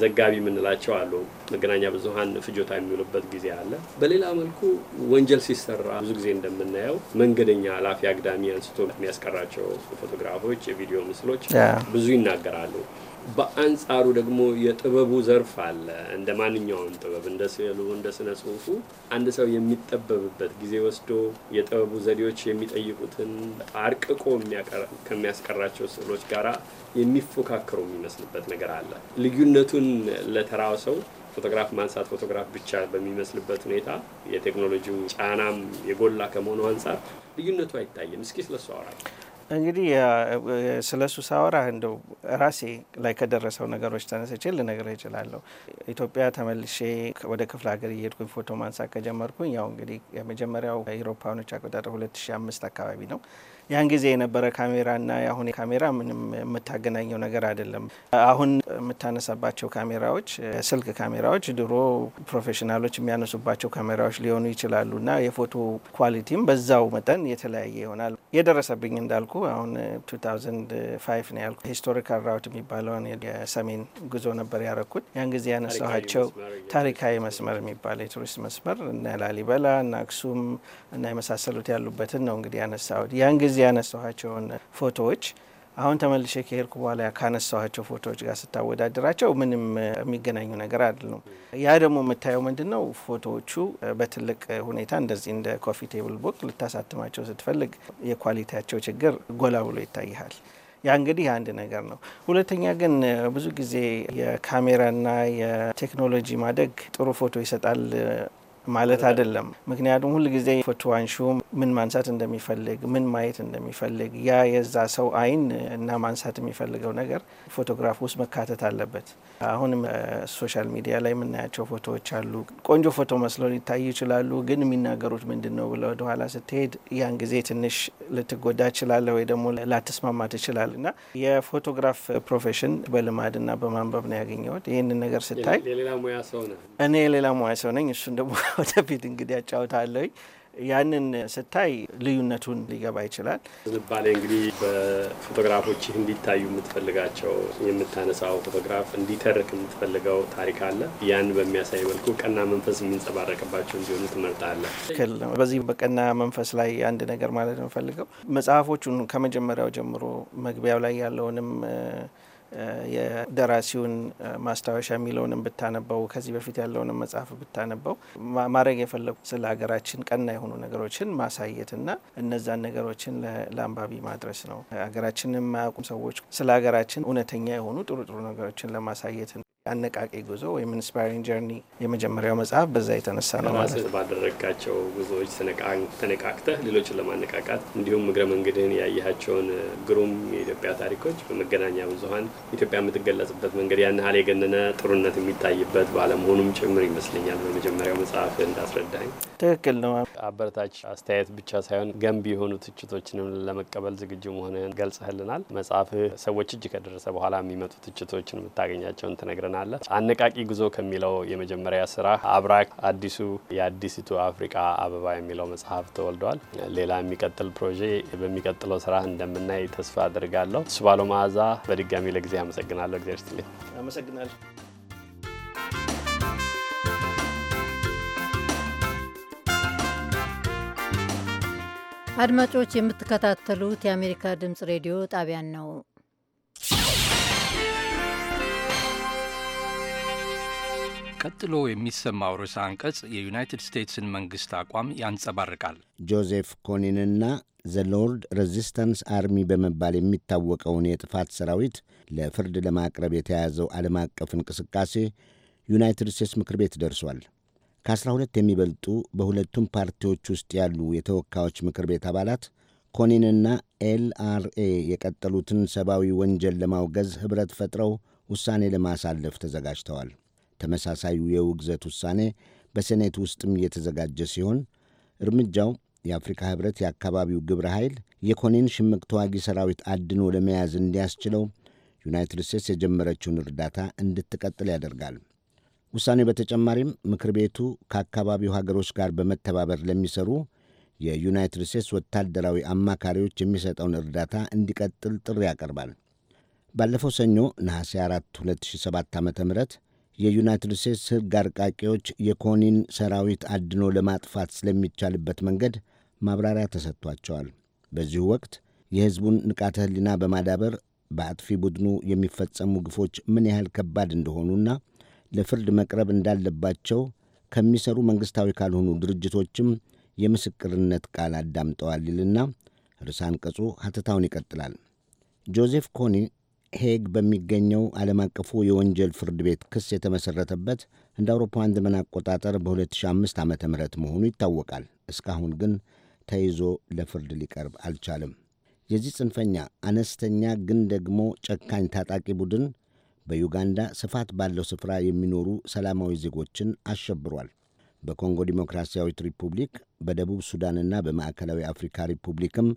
ዘጋቢ የምንላቸው አሉ። መገናኛ ብዙኃን ፍጆታ የሚውሉበት ጊዜ አለ። በሌላ መልኩ ወንጀል ሲሰራ ብዙ ጊዜ እንደምናየው መንገደኛ ኃላፊ አግዳሚ አንስቶ የሚያስቀራቸው ፎቶግራፎች፣ የቪዲዮ ምስሎች ብዙ ይናገራሉ። በአንጻሩ ደግሞ የጥበቡ ዘርፍ አለ። እንደ ማንኛውም ጥበብ እንደ ስዕሉ፣ እንደ ስነ ጽሁፉ አንድ ሰው የሚጠበብበት ጊዜ ወስዶ የጥበቡ ዘዴዎች የሚጠይቁትን አርቅቆ ከሚያስቀራቸው ስዕሎች ጋራ የሚፎካከሩ የሚመስልበት ነገር አለ። ልዩነቱን ለተራው ሰው ፎቶግራፍ ማንሳት ፎቶግራፍ ብቻ በሚመስልበት ሁኔታ የቴክኖሎጂው ጫናም የጎላ ከመሆኑ አንጻር ልዩነቱ አይታይም። እስኪ ስለሱ አውራል። እንግዲህ ስለ እሱ ሳወራ እንደው ራሴ ላይ ከደረሰው ነገሮች ተነስቼ ልነግርህ እችላለሁ። ኢትዮጵያ ተመልሼ ወደ ክፍለ ሀገር እየሄድኩኝ ፎቶ ማንሳት ከጀመርኩኝ ያው እንግዲህ የመጀመሪያው የአውሮፓውያኖች አቆጣጠር 2005 አካባቢ ነው። ያን ጊዜ የነበረ ካሜራና የአሁን ካሜራ ምንም የምታገናኘው ነገር አይደለም። አሁን የምታነሳባቸው ካሜራዎች ስልክ ካሜራዎች ድሮ ፕሮፌሽናሎች የሚያነሱባቸው ካሜራዎች ሊሆኑ ይችላሉ ይችላሉና የፎቶ ኳሊቲም በዛው መጠን የተለያየ ይሆናል። የደረሰብኝ እንዳልኩ አሁን 2005 ነው ያልኩ ሂስቶሪካል ራውት የሚባለውን የሰሜን ጉዞ ነበር ያረኩት። ያን ጊዜ ያነሳኋቸው ታሪካዊ መስመር የሚባለ የቱሪስት መስመር እና ላሊበላ እና አክሱም እና የመሳሰሉት ያሉበትን ነው እንግዲህ ያነሳሁት ያን ጊዜ እዚህ ያነሳኋቸውን ፎቶዎች አሁን ተመልሼ ከሄድኩ በኋላ ካነሳኋቸው ፎቶዎች ጋር ስታወዳድራቸው ምንም የሚገናኙ ነገር አይደሉም። ያ ደግሞ የምታየው ምንድን ነው? ፎቶዎቹ በትልቅ ሁኔታ እንደዚህ እንደ ኮፊ ቴብል ቡክ ልታሳትማቸው ስትፈልግ የኳሊቲያቸው ችግር ጎላ ብሎ ይታይሃል። ያ እንግዲህ አንድ ነገር ነው። ሁለተኛ ግን ብዙ ጊዜ የካሜራና የቴክኖሎጂ ማደግ ጥሩ ፎቶ ይሰጣል ማለት አይደለም። ምክንያቱም ሁል ጊዜ ፎቶዋንሹ ምን ማንሳት እንደሚፈልግ ምን ማየት እንደሚፈልግ ያ የዛ ሰው አይን እና ማንሳት የሚፈልገው ነገር ፎቶግራፍ ውስጥ መካተት አለበት። አሁንም ሶሻል ሚዲያ ላይ የምናያቸው ፎቶዎች አሉ። ቆንጆ ፎቶ መስለው ሊታዩ ይችላሉ፣ ግን የሚናገሩት ምንድን ነው ብለ ወደኋላ ስትሄድ ያን ጊዜ ትንሽ ልትጎዳ ትችላለ ወይ ደግሞ ላትስማማ ትችላል እና የፎቶግራፍ ፕሮፌሽን በልማድ በማንበብ ነው ያገኘሁት። ይህንን ነገር ስታይ እኔ የሌላ ሙያ ሰው ነኝ እሱን ደግሞ ወደፊት እንግዲህ ያጫውታለሁ። ያንን ስታይ ልዩነቱን ሊገባ ይችላል። ዝንባሌ እንግዲህ በፎቶግራፎች እንዲታዩ የምትፈልጋቸው የምታነሳው ፎቶግራፍ እንዲተርክ የምትፈልገው ታሪክ አለ። ያን በሚያሳይ መልኩ ቀና መንፈስ የሚንጸባረቅባቸው እንዲሆኑ ትመርጣለህ። ትክክል። በዚህ በቀና መንፈስ ላይ አንድ ነገር ማለት ነው የምፈልገው መጽሐፎቹን ከመጀመሪያው ጀምሮ መግቢያው ላይ ያለውንም የደራሲውን ማስታወሻ የሚለውንም ብታነበው ከዚህ በፊት ያለውንም መጽሐፍ ብታነበው ማድረግ የፈለጉ ስለ ሀገራችን ቀና የሆኑ ነገሮችን ማሳየትና እነዛን ነገሮችን ለአንባቢ ማድረስ ነው። ሀገራችንን የማያውቁም ሰዎች ስለ ሀገራችን እውነተኛ የሆኑ ጥሩ ጥሩ ነገሮችን ለማሳየት ነው። አነቃቂ ጉዞ ወይም ኢንስፓሪንግ ጀርኒ የመጀመሪያው መጽሐፍ በዛ የተነሳ ነው ማለት ባደረጋቸው ጉዞዎች ተነቃቅተህ ሌሎችን ለማነቃቃት እንዲሁም እግረ መንገድህን ያየሃቸውን ግሩም የኢትዮጵያ ታሪኮች በመገናኛ ብዙኃን ኢትዮጵያ የምትገለጽበት መንገድ ያን ያህል የገነነ ጥሩነት የሚታይበት ባለመሆኑም ጭምር ይመስለኛል በመጀመሪያው መጽሐፍ እንዳስረዳኝ። ትክክል ነው። አበረታች አስተያየት ብቻ ሳይሆን ገንቢ የሆኑ ትችቶችንም ለመቀበል ዝግጁ መሆንህን ገልጸህልናል። መጽሐፍህ ሰዎች እጅ ከደረሰ በኋላ የሚመጡ ትችቶችን የምታገኛቸውን ትነግረ ትነግረናለህ። አነቃቂ ጉዞ ከሚለው የመጀመሪያ ስራ አብራ አዲሱ የአዲስቱ አፍሪቃ አበባ የሚለው መጽሐፍ ተወልደዋል። ሌላ የሚቀጥል ፕሮጄ በሚቀጥለው ስራ እንደምናይ ተስፋ አድርጋለሁ። እሱ ባለው መዓዛ በድጋሚ ለጊዜ አመሰግናለሁ። እግዚአብሔር ይስጥልኝ። አመሰግናለሁ። አድማጮች የምትከታተሉት የአሜሪካ ድምፅ ሬዲዮ ጣቢያን ነው። ቀጥሎ የሚሰማው ርዕሰ አንቀጽ የዩናይትድ ስቴትስን መንግሥት አቋም ያንጸባርቃል። ጆዜፍ ኮኒንና ዘ ሎርድ ሬዚስታንስ አርሚ በመባል የሚታወቀውን የጥፋት ሰራዊት ለፍርድ ለማቅረብ የተያዘው ዓለም አቀፍ እንቅስቃሴ ዩናይትድ ስቴትስ ምክር ቤት ደርሷል። ከ12 የሚበልጡ በሁለቱም ፓርቲዎች ውስጥ ያሉ የተወካዮች ምክር ቤት አባላት ኮኒንና ኤልአርኤ የቀጠሉትን ሰብአዊ ወንጀል ለማውገዝ ኅብረት ፈጥረው ውሳኔ ለማሳለፍ ተዘጋጅተዋል። ተመሳሳዩ የውግዘት ውሳኔ በሴኔት ውስጥም እየተዘጋጀ ሲሆን እርምጃው የአፍሪካ ህብረት የአካባቢው ግብረ ኃይል የኮኔን ሽምቅ ተዋጊ ሰራዊት አድኖ ለመያዝ እንዲያስችለው ዩናይትድ ስቴትስ የጀመረችውን እርዳታ እንድትቀጥል ያደርጋል። ውሳኔው በተጨማሪም ምክር ቤቱ ከአካባቢው ሀገሮች ጋር በመተባበር ለሚሰሩ የዩናይትድ ስቴትስ ወታደራዊ አማካሪዎች የሚሰጠውን እርዳታ እንዲቀጥል ጥሪ ያቀርባል። ባለፈው ሰኞ ነሐሴ 4 2007 ዓ ም የዩናይትድ ስቴትስ ሕግ አርቃቂዎች የኮኒን ሰራዊት አድኖ ለማጥፋት ስለሚቻልበት መንገድ ማብራሪያ ተሰጥቷቸዋል። በዚሁ ወቅት የሕዝቡን ንቃተ ሕሊና በማዳበር በአጥፊ ቡድኑ የሚፈጸሙ ግፎች ምን ያህል ከባድ እንደሆኑና ለፍርድ መቅረብ እንዳለባቸው ከሚሰሩ መንግሥታዊ ካልሆኑ ድርጅቶችም የምስክርነት ቃል አዳምጠዋል ይልና ርዕሰ አንቀጹ ሐተታውን ይቀጥላል። ጆዜፍ ኮኒ ሄግ በሚገኘው ዓለም አቀፉ የወንጀል ፍርድ ቤት ክስ የተመሠረተበት እንደ አውሮፓውያን ዘመን አቆጣጠር በ2005 ዓ ም መሆኑ ይታወቃል። እስካሁን ግን ተይዞ ለፍርድ ሊቀርብ አልቻለም። የዚህ ጽንፈኛ አነስተኛ ግን ደግሞ ጨካኝ ታጣቂ ቡድን በዩጋንዳ ስፋት ባለው ስፍራ የሚኖሩ ሰላማዊ ዜጎችን አሸብሯል። በኮንጎ ዲሞክራሲያዊት ሪፑብሊክ፣ በደቡብ ሱዳንና በማዕከላዊ አፍሪካ ሪፑብሊክም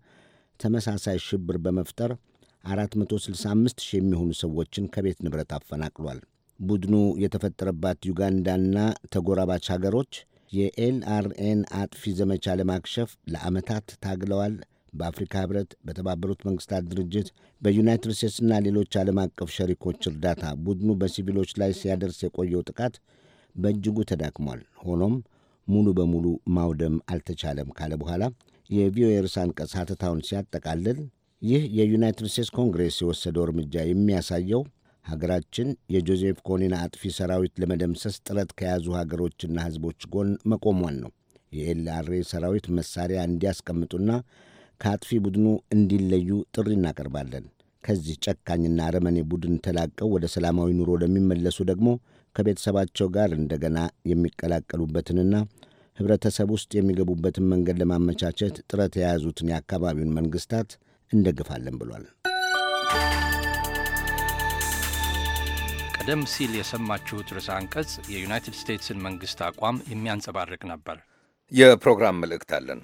ተመሳሳይ ሽብር በመፍጠር 465 ሺህ የሚሆኑ ሰዎችን ከቤት ንብረት አፈናቅሏል። ቡድኑ የተፈጠረባት ዩጋንዳና ተጎራባች ሀገሮች የኤልአርኤን አጥፊ ዘመቻ ለማክሸፍ ለዓመታት ታግለዋል። በአፍሪካ ህብረት፣ በተባበሩት መንግስታት ድርጅት፣ በዩናይትድ ስቴትስና ሌሎች ዓለም አቀፍ ሸሪኮች እርዳታ ቡድኑ በሲቪሎች ላይ ሲያደርስ የቆየው ጥቃት በእጅጉ ተዳክሟል። ሆኖም ሙሉ በሙሉ ማውደም አልተቻለም ካለ በኋላ የቪኦኤ ርዕሰ አንቀጽ ሐተታውን ሲያጠቃልል ይህ የዩናይትድ ስቴትስ ኮንግሬስ የወሰደው እርምጃ የሚያሳየው ሀገራችን የጆዜፍ ኮኒን አጥፊ ሰራዊት ለመደምሰስ ጥረት ከያዙ ሀገሮችና ሕዝቦች ጎን መቆሟን ነው። የኤልአርኤ ሰራዊት መሳሪያ እንዲያስቀምጡና ከአጥፊ ቡድኑ እንዲለዩ ጥሪ እናቀርባለን። ከዚህ ጨካኝና አረመኔ ቡድን ተላቀው ወደ ሰላማዊ ኑሮ ለሚመለሱ ደግሞ ከቤተሰባቸው ጋር እንደገና የሚቀላቀሉበትንና ህብረተሰብ ውስጥ የሚገቡበትን መንገድ ለማመቻቸት ጥረት የያዙትን የአካባቢውን መንግስታት እንደግፋለን ብሏል። ቀደም ሲል የሰማችሁት ርዕሰ አንቀጽ የዩናይትድ ስቴትስን መንግሥት አቋም የሚያንጸባርቅ ነበር። የፕሮግራም መልእክት አለን።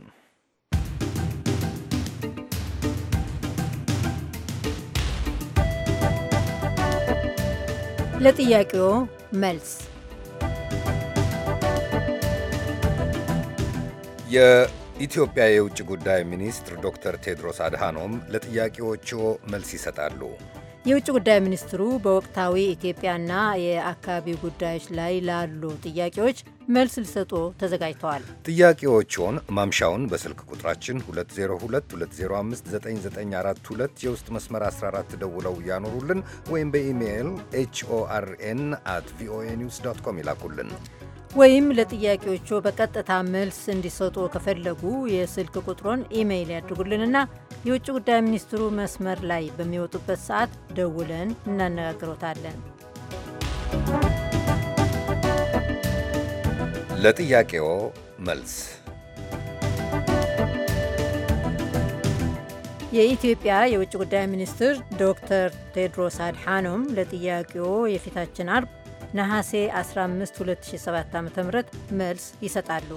ለጥያቄዎ መልስ ኢትዮጵያ የውጭ ጉዳይ ሚኒስትር ዶክተር ቴድሮስ አድሃኖም ለጥያቄዎቹ መልስ ይሰጣሉ። የውጭ ጉዳይ ሚኒስትሩ በወቅታዊ ኢትዮጵያና የአካባቢ ጉዳዮች ላይ ላሉ ጥያቄዎች መልስ ሊሰጡ ተዘጋጅተዋል። ጥያቄዎቹን ማምሻውን በስልክ ቁጥራችን 2022059942 የውስጥ መስመር 14 ደውለው ያኖሩልን ወይም በኢሜይል ኤችኦአርኤን አት ቪኦኤ ኒውስ ዶት ኮም ይላኩልን። ወይም ለጥያቄዎቹ በቀጥታ መልስ እንዲሰጡ ከፈለጉ የስልክ ቁጥሮን ኢሜይል ያድርጉልንና የውጭ ጉዳይ ሚኒስትሩ መስመር ላይ በሚወጡበት ሰዓት ደውለን እናነጋግሮታለን። ለጥያቄዎ መልስ የኢትዮጵያ የውጭ ጉዳይ ሚኒስትር ዶክተር ቴድሮስ አድሓኖም ለጥያቄዎ የፊታችን አርብ ነሐሴ 15 2007 .ም መልስ ይሰጣሉ።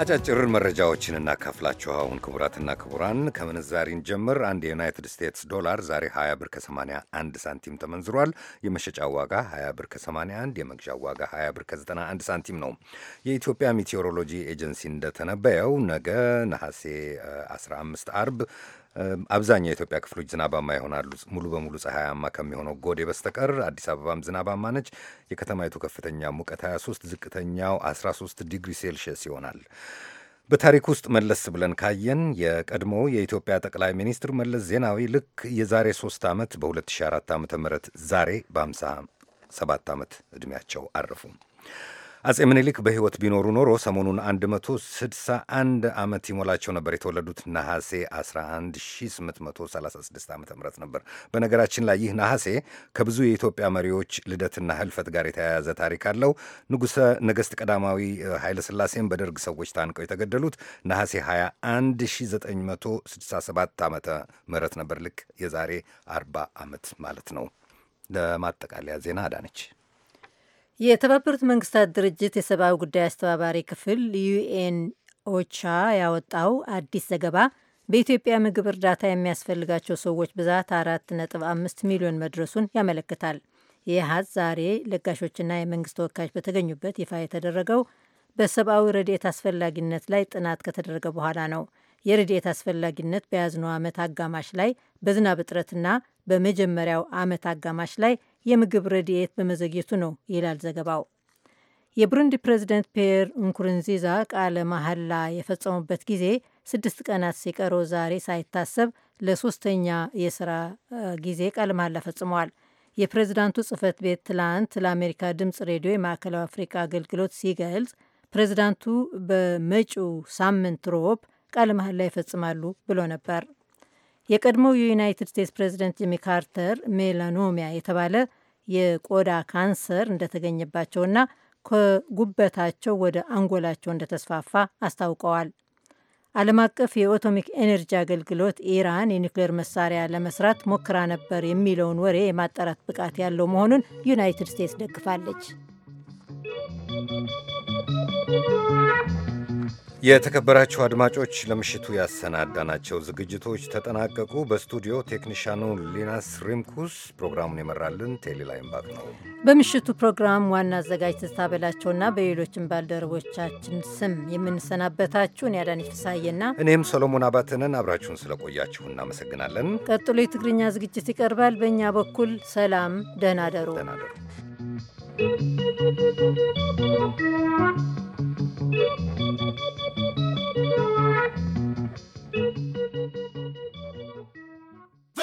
አጫጭር መረጃዎችን እናካፍላችሁ። አሁን ክቡራትና ክቡራን ከምንዛሪን ጀምር። አንድ የዩናይትድ ስቴትስ ዶላር ዛሬ 20 ብር ከ81 ሳንቲም ተመንዝሯል። የመሸጫ ዋጋ 20 ብር ከ81፣ የመግዣ ዋጋ 20 ብር ከ91 ሳንቲም ነው። የኢትዮጵያ ሜቴዎሮሎጂ ኤጀንሲ እንደተነበየው ነገ ነሐሴ 15 አርብ አብዛኛው የኢትዮጵያ ክፍሎች ዝናባማ ይሆናሉ ሙሉ በሙሉ ፀሐያማ ከሚሆነው ጎዴ በስተቀር። አዲስ አበባም ዝናባማ ነች። የከተማይቱ ከፍተኛ ሙቀት 23፣ ዝቅተኛው 13 ዲግሪ ሴልሽየስ ይሆናል። በታሪክ ውስጥ መለስ ብለን ካየን የቀድሞ የኢትዮጵያ ጠቅላይ ሚኒስትር መለስ ዜናዊ ልክ የዛሬ ሶስት ዓመት በ2004 ዓ ም ዛሬ በ57 ዓመት ዕድሜያቸው አረፉ። አጼ ምኒልክ በሕይወት ቢኖሩ ኖሮ ሰሞኑን 161 ዓመት ይሞላቸው ነበር። የተወለዱት ነሐሴ 11836 ዓ ም ነበር። በነገራችን ላይ ይህ ነሐሴ ከብዙ የኢትዮጵያ መሪዎች ልደትና ህልፈት ጋር የተያያዘ ታሪክ አለው። ንጉሠ ነገሥት ቀዳማዊ ሥላሴም በደርግ ሰዎች ታንቀው የተገደሉት ነሐሴ 21967 ዓ ም ነበር። ልክ የዛሬ 40 ዓመት ማለት ነው። ለማጠቃለያ ዜና አዳነች የተባበሩት መንግስታት ድርጅት የሰብአዊ ጉዳይ አስተባባሪ ክፍል ዩኤን ኦቻ ያወጣው አዲስ ዘገባ በኢትዮጵያ ምግብ እርዳታ የሚያስፈልጋቸው ሰዎች ብዛት አምስት ሚሊዮን መድረሱን ያመለክታል። የሀዝ ዛሬ ለጋሾችና የመንግስት ተወካዮች በተገኙበት ይፋ የተደረገው በሰብአዊ ረድኤት አስፈላጊነት ላይ ጥናት ከተደረገ በኋላ ነው። የረድኤት አስፈላጊነት በያዝነው ዓመት አጋማሽ ላይ በዝናብ እጥረትና በመጀመሪያው ዓመት አጋማሽ ላይ የምግብ ረድኤት በመዘግየቱ ነው ይላል ዘገባው። የብሩንዲ ፕሬዚደንት ፒየር እንኩርንዚዛ ቃለ መሐላ የፈጸሙበት ጊዜ ስድስት ቀናት ሲቀረው ዛሬ ሳይታሰብ ለሶስተኛ የስራ ጊዜ ቃለ መሐላ ፈጽመዋል። የፕሬዚዳንቱ ጽህፈት ቤት ትላንት ለአሜሪካ ድምፅ ሬዲዮ የማዕከላዊ አፍሪካ አገልግሎት ሲገልጽ ፕሬዚዳንቱ በመጪው ሳምንት ሮብ ቃለ መሐላ ይፈጽማሉ ብሎ ነበር። የቀድሞው የዩናይትድ ስቴትስ ፕሬዚደንት ጂሚ ካርተር ሜላኖሚያ የተባለ የቆዳ ካንሰር እንደተገኘባቸውና ከጉበታቸው ወደ አንጎላቸው እንደተስፋፋ አስታውቀዋል። ዓለም አቀፍ የኦቶሚክ ኤነርጂ አገልግሎት ኢራን የኒውክሌር መሳሪያ ለመስራት ሞክራ ነበር የሚለውን ወሬ የማጣራት ብቃት ያለው መሆኑን ዩናይትድ ስቴትስ ደግፋለች። የተከበራችሁ አድማጮች ለምሽቱ ያሰናዳናቸው ዝግጅቶች ተጠናቀቁ። በስቱዲዮ ቴክኒሻኑ ሊናስ ሪምኩስ፣ ፕሮግራሙን የመራልን ቴሌላይምባክ ነው። በምሽቱ ፕሮግራም ዋና አዘጋጅ ትዝታ በላቸውና በሌሎችም ባልደረቦቻችን ስም የምንሰናበታችሁን ያዳነች ፍስሐዬና እኔም ሰሎሞን አባተንን አብራችሁን ስለቆያችሁ እናመሰግናለን። ቀጥሎ የትግርኛ ዝግጅት ይቀርባል። በእኛ በኩል ሰላም፣ ደህና ደሩ። Thank you.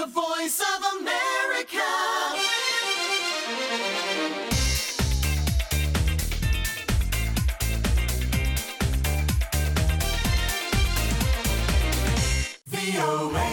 The voice of America. The